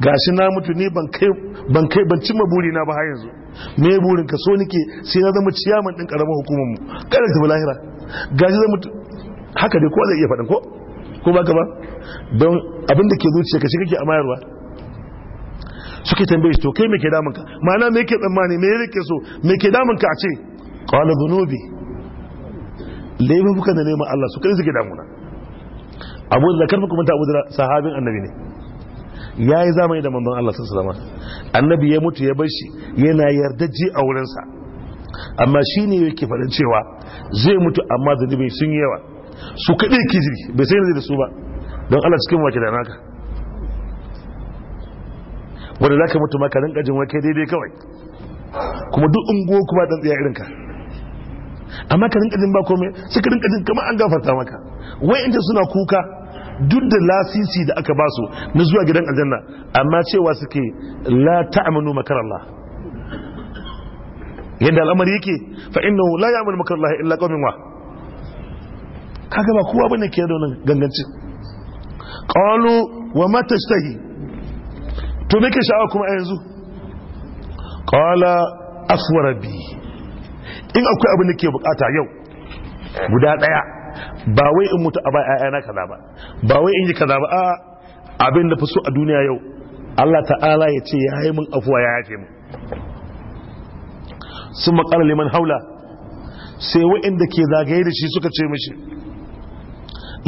gashi na mutu ne ban kai ban cimma burina ba har yanzu me burin ka so nake sai na zama ciyaman din karamar hukumar mu kada tafi lahira Gaji zama haka dai ko zai iya fadin ko ko ba ka ba don abin da ke zuciya ka shi kake amayarwa suke tambaye shi to kai me ke damun ka ma'ana me yake tsammani me yake so me ke damun ka a ce qala dhunubi buka da neman Allah su kai suke damuna abu da zakar kuma ta abu da sahabin annabi ne ya yi zamani da manzon Allah sun salama annabi ya mutu ya bar shi yana ji a wurinsa amma shi ne yake faɗin cewa zai mutu amma zunubi sun yi yawa su kaɗe ke jiri bai sai da su ba don Allah cikin wake da naka wanda za ka mutu maka rinka jin wake daidai kawai kuma duk ungo kuma dan tsaya irinka amma ka rinka jin ba komai sai ka rinka jin kamar an gafarta maka wai inda suna kuka duk da lasisi da aka ba su na zuwa gidan aljanna amma cewa suke la ta'amanu makar Allah yadda al'amari yake fa innahu la ya'manu makar Allah illa qawmin wa kaga ba kowa bane ke da wannan ganganci qalu wa ma tashtahi to me ke sha'awa kuma a yanzu qala aswara bi in akwai abin da ke bukata yau guda daya ba wai in mutu a ba ƴaƴana kaza ba ba wai in yi kaza ba a abin da fi so a duniya yau Allah ta'ala ya ce ya yi min afuwa ya yake mu sun makara liman haula sai wa'inda ke zagaye da shi suka ce mishi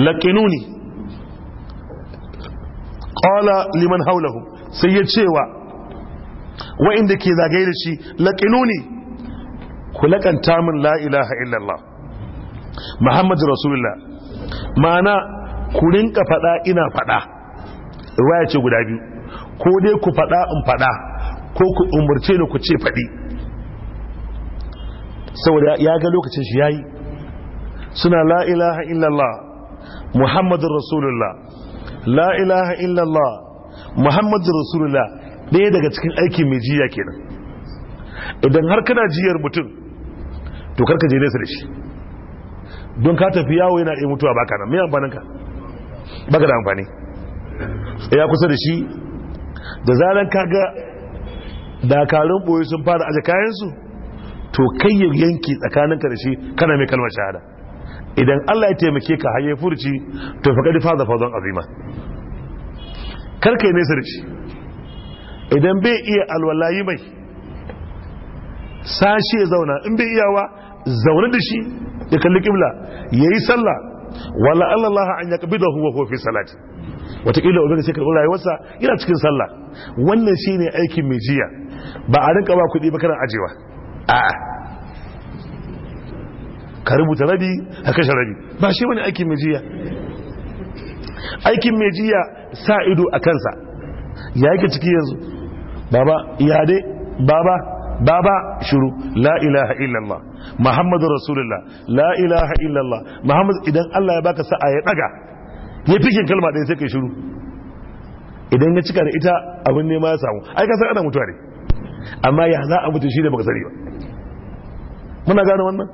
laƙinuni ƙwala liman haulahu sai ya cewa wa'inda ke zagaye da shi laƙinuni ku laƙanta min la ilaha illallah muhammadu rasulullah ma'ana ku rinka faɗa ina faɗa ruwaya ce guda biyu ko dai ku faɗa in faɗa ko ku umarce ni ku ce faɗi saboda ya ga lokacin shi yayi suna la ilaha illallah muhammadun rasulullah la ilaha illallah muhammadu rasulullah ɗaya daga cikin aiki mai jiya kenan idan har kana jiyar mutum to karka je nesa da shi don ka tafi yawo yana iya mutuwa baka nan mai amfanin ka baka da amfani ya kusa da shi da zaran kaga dakarun boye sun fara aje kayansu to kai ya yanki ka da shi kana mai kalmar shahada idan Allah ya taimake ka hanyar furci to faɗa da faza fazon azima yi nesa da shi idan bai iya alwalayi mai sashi ya zauna in bai iyawa zaune da shi ya kalli kibla yi sallah wala allallaha an kabi da huwa hofi salati wataƙila da sai wani rayuwarsa yana cikin sallah wannan shi ne aikin mai jiya ba a rinka ba kuɗi ba kana ajewa ka rubuta rabi ka kashe rabi ba shi wani aikin mai jiya aikin mai jiya sa ido a kansa ya yake ciki yanzu baba iyade baba baba shiru la ilaha illallah muhammadu rasulullah la ilaha illallah muhammad idan Allah ya baka sa'a ya daga ya fikin kalma da sai kai shiru idan ya cika da ita abin nema ya samu ai ka san ana mutuwa ne amma ya za a mutu shi da baka sani ba muna gane wannan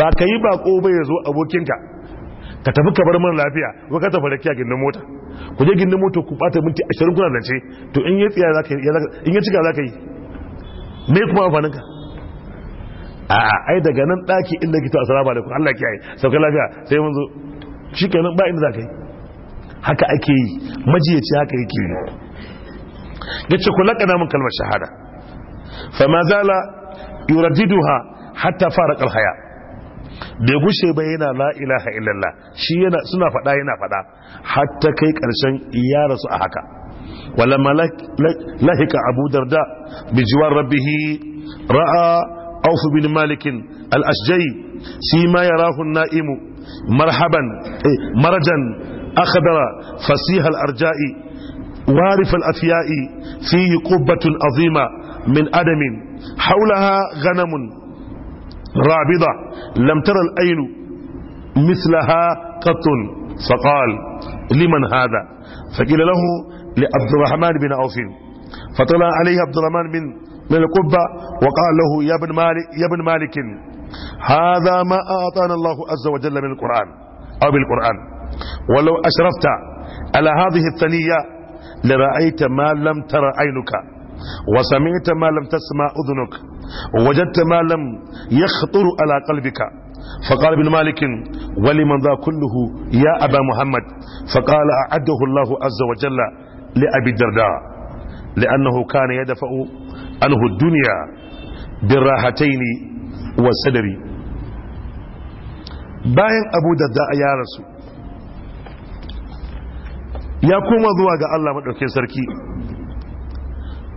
ba ka yi bako bai ya zo abokinka ka tafi ka bar mana lafiya ko ka tafi rakiya gindin mota ku je gindin mota ku bata minti 20 kuna zance to in ya tsaya zaka in ya cika zaka yi me kuma amfanin ka a ai daga nan daki inda kito assalamu alaikum Allah kiyaye sauka lafiya sai mun zo shikenan ba inda za yi haka ake yi majiyaci haka yake yi yace ku lakana mun kalmar shahada fa ma zala yuraddiduha hatta farqa al-haya bai gushe ba yana la ilaha illallah shi yana suna fada yana fada hatta kai karshen ya rasu a haka ولما لهك أبو درداء بجوار ربه رأى أوف بن مالك الأشجي فيما يراه النائم مرحبا إيه، مرجا أخضر فسيح الأرجاء وارف الأفياء فيه قبة عظيمة من أدم حولها غنم رابضة لم تر الأين مثلها قط فقال لمن هذا فقيل له لعبد الرحمن بن عوف فطلع عليه عبد الرحمن بن من القبة وقال له يا ابن مالك, يا ابن مالك هذا ما أعطانا الله عز وجل من القرآن أو بالقرآن ولو أشرفت على هذه الثنية لرأيت ما لم تر عينك وسمعت ما لم تسمع أذنك ووجدت ما لم يخطر على قلبك فقال ابن مالك ولمن ذا كله يا أبا محمد فقال أعده الله عز وجل لأبي الدرداء لأنه كان يدفع عنه الدنيا بالراحتين والسدر bayan abu da darda ya rasu ya koma zuwa ga Allah maɗaukin sarki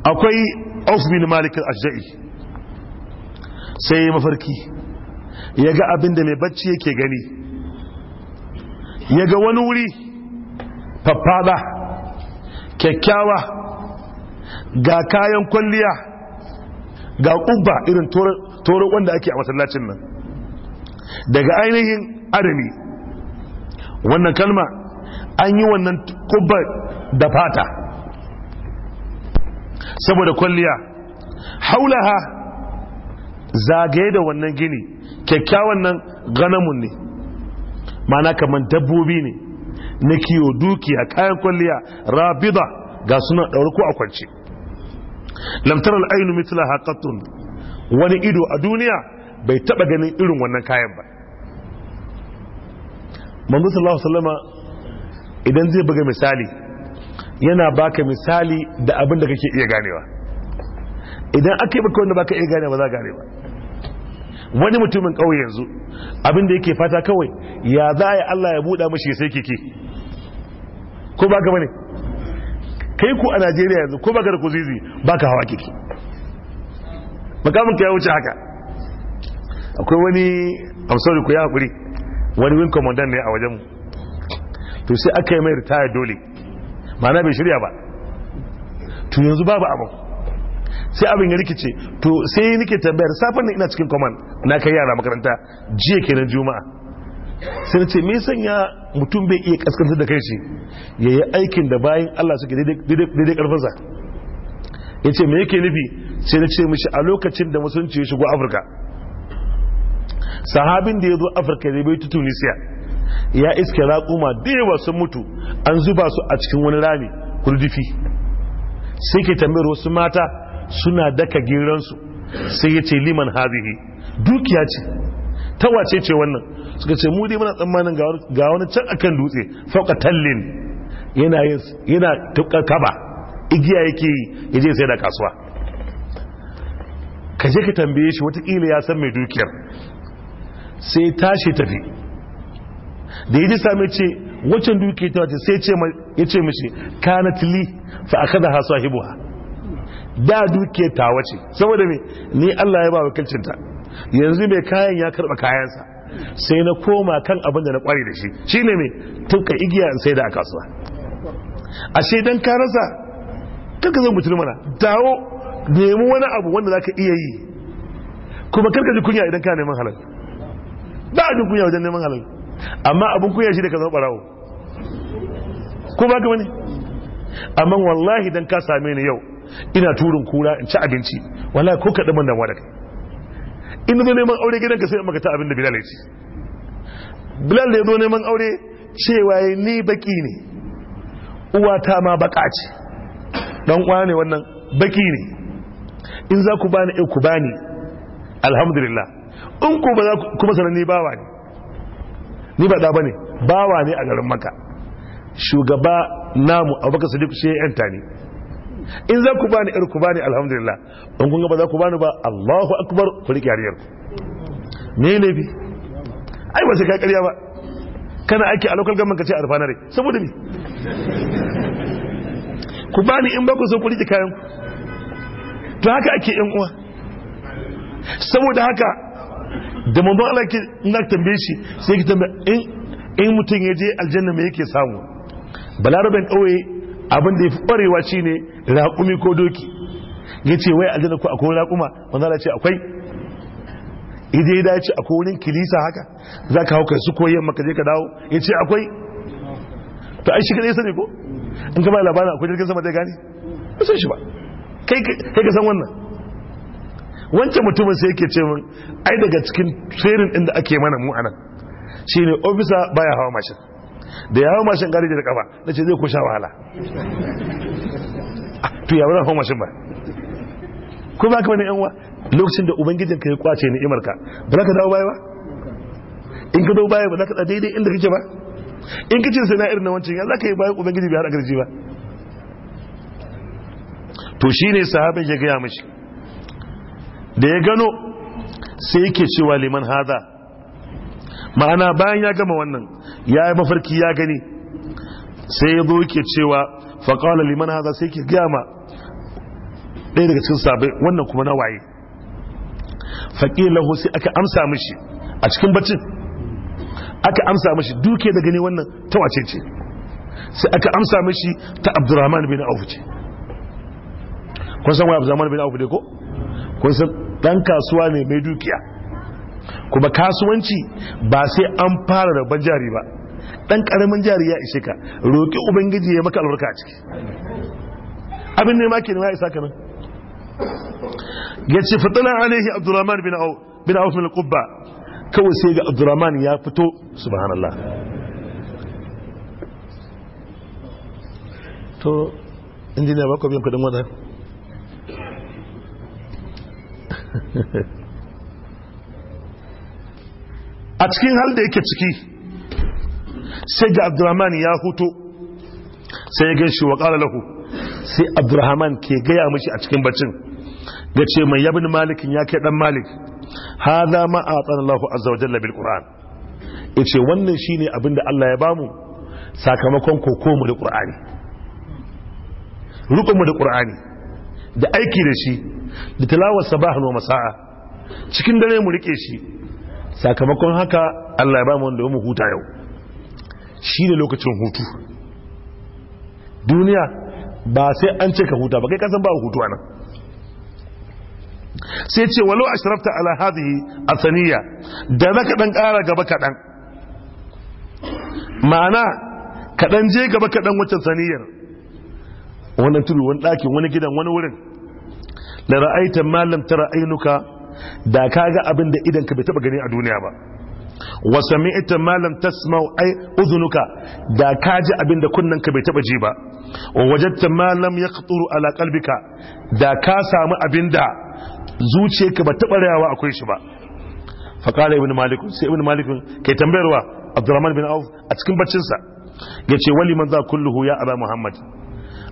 akwai auf bin malik al sai ya mafarki ya ga abin mai bacci yake gani ya ga wani wuri faffada kyakkyawa ga kayan kwalliya ga ƙubba irin toron wanda ake a masallacin nan daga ainihin arami wannan kalma an yi wannan ƙubba da fata saboda kwalliya haulaha zagaye da wannan gini kyakkyawan nan ganamun ne ma'ana kamar dabbobi ne na kiwo dukiya kayan kwalliya rabida ga suna ɗaure ko a kwance lamtar al'ainu mitla haƙatun wani ido a duniya bai taɓa ganin irin wannan kayan ba manzo sallallahu salama idan zai buga misali yana baka misali da abin da kake iya ganewa idan aka yi baka wanda baka iya ganewa ba za gane wani mutumin ƙauye yanzu abin da yake fata kawai ya za a Allah ya buɗa mashi sai kike ko ba ka bane kai ku a najeriya yanzu ko ba ka da kuzizi ba ka hawa kiki Makamun ka ya wuce haka akwai wani amsori ku ya hakuri wani wing commandant ne a wajenmu to sai aka yi mai taya dole ma'ana bai shirya ba to yanzu babu abin sai abin ya rikice to sai nike tambayar safin ina cikin command na kai yara makaranta jiya kenan juma'a sai na ce me sanya mutum bai iya kaskantar da kai shi ya yi aikin da bayan Allah suke daidai karfasa? ya ce me yake nufi sai na ce mishi a lokacin da musulunci ya shigo afirka sahabin da ya zo afirka da bai tunisiya ya iske raƙuma da yawa sun mutu an zuba su a cikin wani rami kurdifi sai ke tambayar wasu mata suna daka giransu sai ya ce liman hazihi dukiya ce ta wace ce wannan suka ce mu dai muna tsammanin ga wani can akan dutse fauka tallin yana yana tukar kaba igiya yake ya je sai da kasuwa ka je ka tambaye shi watakila ya san mai dukiyar sai tashi tafi da ya ji same ce waccan dukiyar ta wace sai ya ce kana tili fa aka da hasuwa hibuwa. da dukiyar ta wace saboda ne ni Allah ya ba wakilcinta yanzu mai kayan ya karɓa kayansa sai na koma kan abin da na kware da shi ne mai tuka igiya in sai da a kasuwa ashe dan ka rasa kanka zan mutu mana dawo nemi wani abu wanda zaka iya yi kuma karka ji kunya idan ka neman halal ba a jin kunya wajen neman halal amma abin kunya shi da ka zama barawo ko ba ka wani amma wallahi dan ka same ni yau ina turin kura in ci abinci wallahi ko kaɗan ban damuwa da kai in zo neman aure gidanka sai maka ta abin da bilal ya ce bilal da ya zo neman aure cewa ya ni baki ne uwata ma baka ce dan uwa ne wannan baki ne in za ku bani eh, ku bani alhamdulillah in ku ba za ku kuma sananni bawa ne ni ba da ne. bawa ne a garin maka shugaba namu abubakar sadiq shi ya yanta ne in za ku bani irku bani alhamdulillah in kun ga ba za ku bani ba Allahu akbar ku rike yariyar me ne bi ai ba sai ka ƙarya ba kana aiki a local government ka ce a refinery saboda me ku bani in ba ku so ku rike kayan ku to haka ake yan uwa saboda haka da mun ba Allah na tambaye shi sai ki tambaye eh, in in mutum ya je aljanna me yake samu balaraben kauye abin da ya fi ƙwarewa shine raƙumi ko doki ya ce wai aljanna ko akwai raƙuma wanda na ce akwai idai da ya ce akwai wurin kilisa haka za ka hau kai su koyi maka je ka dawo ya ce akwai to ai shi nesa sani ko in ka ba labarin akwai jirgin sama zai gani ba shi ba kai ka san wannan wancan mutumin sai yake ce min ai daga cikin tserin inda ake mana mu anan shine ofisa baya hawa mashin da ya hawa mashin gari da kafa na ce zai kusha wahala to ya zan hau mashin ba ko ba ka wani yan uwa lokacin da ubangijin ka ya kwace ni'imar ka ba za ka dawo baya ba in ka dawo baya ba za ka tsada daidai inda kake ba in kace sai na irin na wancan ya za ka yi bayan ubangiji bai har garji ba to shine sahabin ya gaya mashi da ya gano sai yake cewa liman haza ma'ana bayan ya gama wannan ya yi mafarki ya gani sai ya zo yake cewa faƙawar liman haza sai ke gama ɗaya daga cikin sabai wannan kuma na waye faƙi lahu sai aka amsa mishi a cikin bacin aka amsa mishi duke da gani wannan ta wace ce sai aka amsa mishi ta abdurrahman bin aufu ce kun san wani abdurrahman bin aufu ne ko kun san dan kasuwa ne mai dukiya kuma kasuwanci ba sai an fara da ban jari ba dan karamin jari ya ishe ka roƙi ubangiji ya maka alwarka a ciki abin ne ma ke nima isa kanan yace fitana alaihi abdurrahman bin au bin auf min alqubba kawai sai ga abdurrahman ya fito subhanallah to injiniya ba ku biyan kudin wata a cikin hal da yake ciki sai ga abdurrahman ya hutu sai ya gan shi wa ƙara lahu sai abdurrahman ke gaya mashi a cikin bacin ga ce mai yabin malikin ya ke ɗan malik Ha za ma a tsanar lahu a zaujen labil bil ya ce wannan shi ne abinda Allah ya bamu sakamakon koko mu da ƙura'ani rukun mu da ƙura'ani da aiki da shi da talawar sabahan wa masa'a cikin dare mu rike shi sakamakon haka Allah ya bamu wanda mu huta yau shi ne lokacin hutu duniya ba sai an ce ka huta ba kai kasan ba hutu anan sai ce walau shirafta alhazi a saniya da naka ɗan ƙara gaba kaɗan. ma'ana kaɗan je gaba kaɗan wacce saniyar wannan turu wani ɗakin wani gidan wani wurin da ra'aita malam ta ra'ainuka ka da abin da idan ka bai taba gani a duniya ba wa sami'ta ma lam tasma'u ay uzunuka da ka ji abin da kunnanka bai taba ji ba wa wajadta ma lam yaqturu ala qalbika da ka samu abin da zuciyarka ba taba rayawa akwai shi ba fa qala ibn malik sai ibn malik kai tambayarwa abdurrahman bin auf a cikin baccin sa yace wali man za kulluhu ya aba muhammad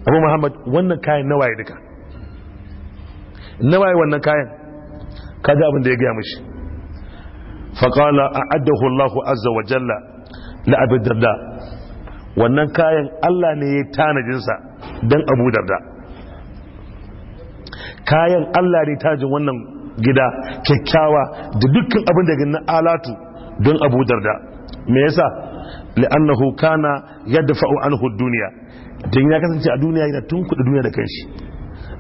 abu muhammad wannan kayan nawaye duka nawaye wannan kayan kaga abin da ya gaya mishi فقال أعده الله عز وجل لأبي الدرداء wannan kayan Allah ne ya tanajinsa don abu darda kayan Allah ne tajin wannan gida kyakkyawa da dukkan abin da na alatu don abu darda me yasa li'annahu kana yadfa'u anhu duniya dan ya kasance a duniya yana tunkuɗe duniya da kanshi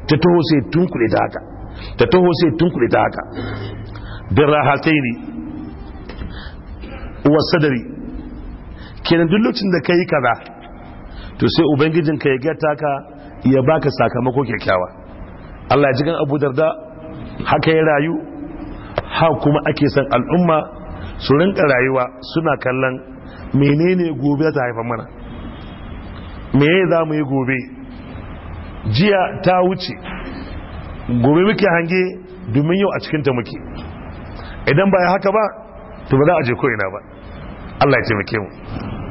ta taho sai tunkuɗe ta haka ta taho sai tunkuɗe ta haka birahataini wasadari kenan duk lokacin da ka yi kaza to sai ka ya ga taka ya baka sakamako kyakkyawa Allah ya ji Abu Darda haka ya rayu ha kuma ake san al'umma su rinka rayuwa suna kallon menene gobe ta haifa mana me za mu yi gobe jiya ta wuce gobe muke hange domin yau a cikinta muke idan ba haka ba to ba za a je ko ina ba Allah ya taimake mu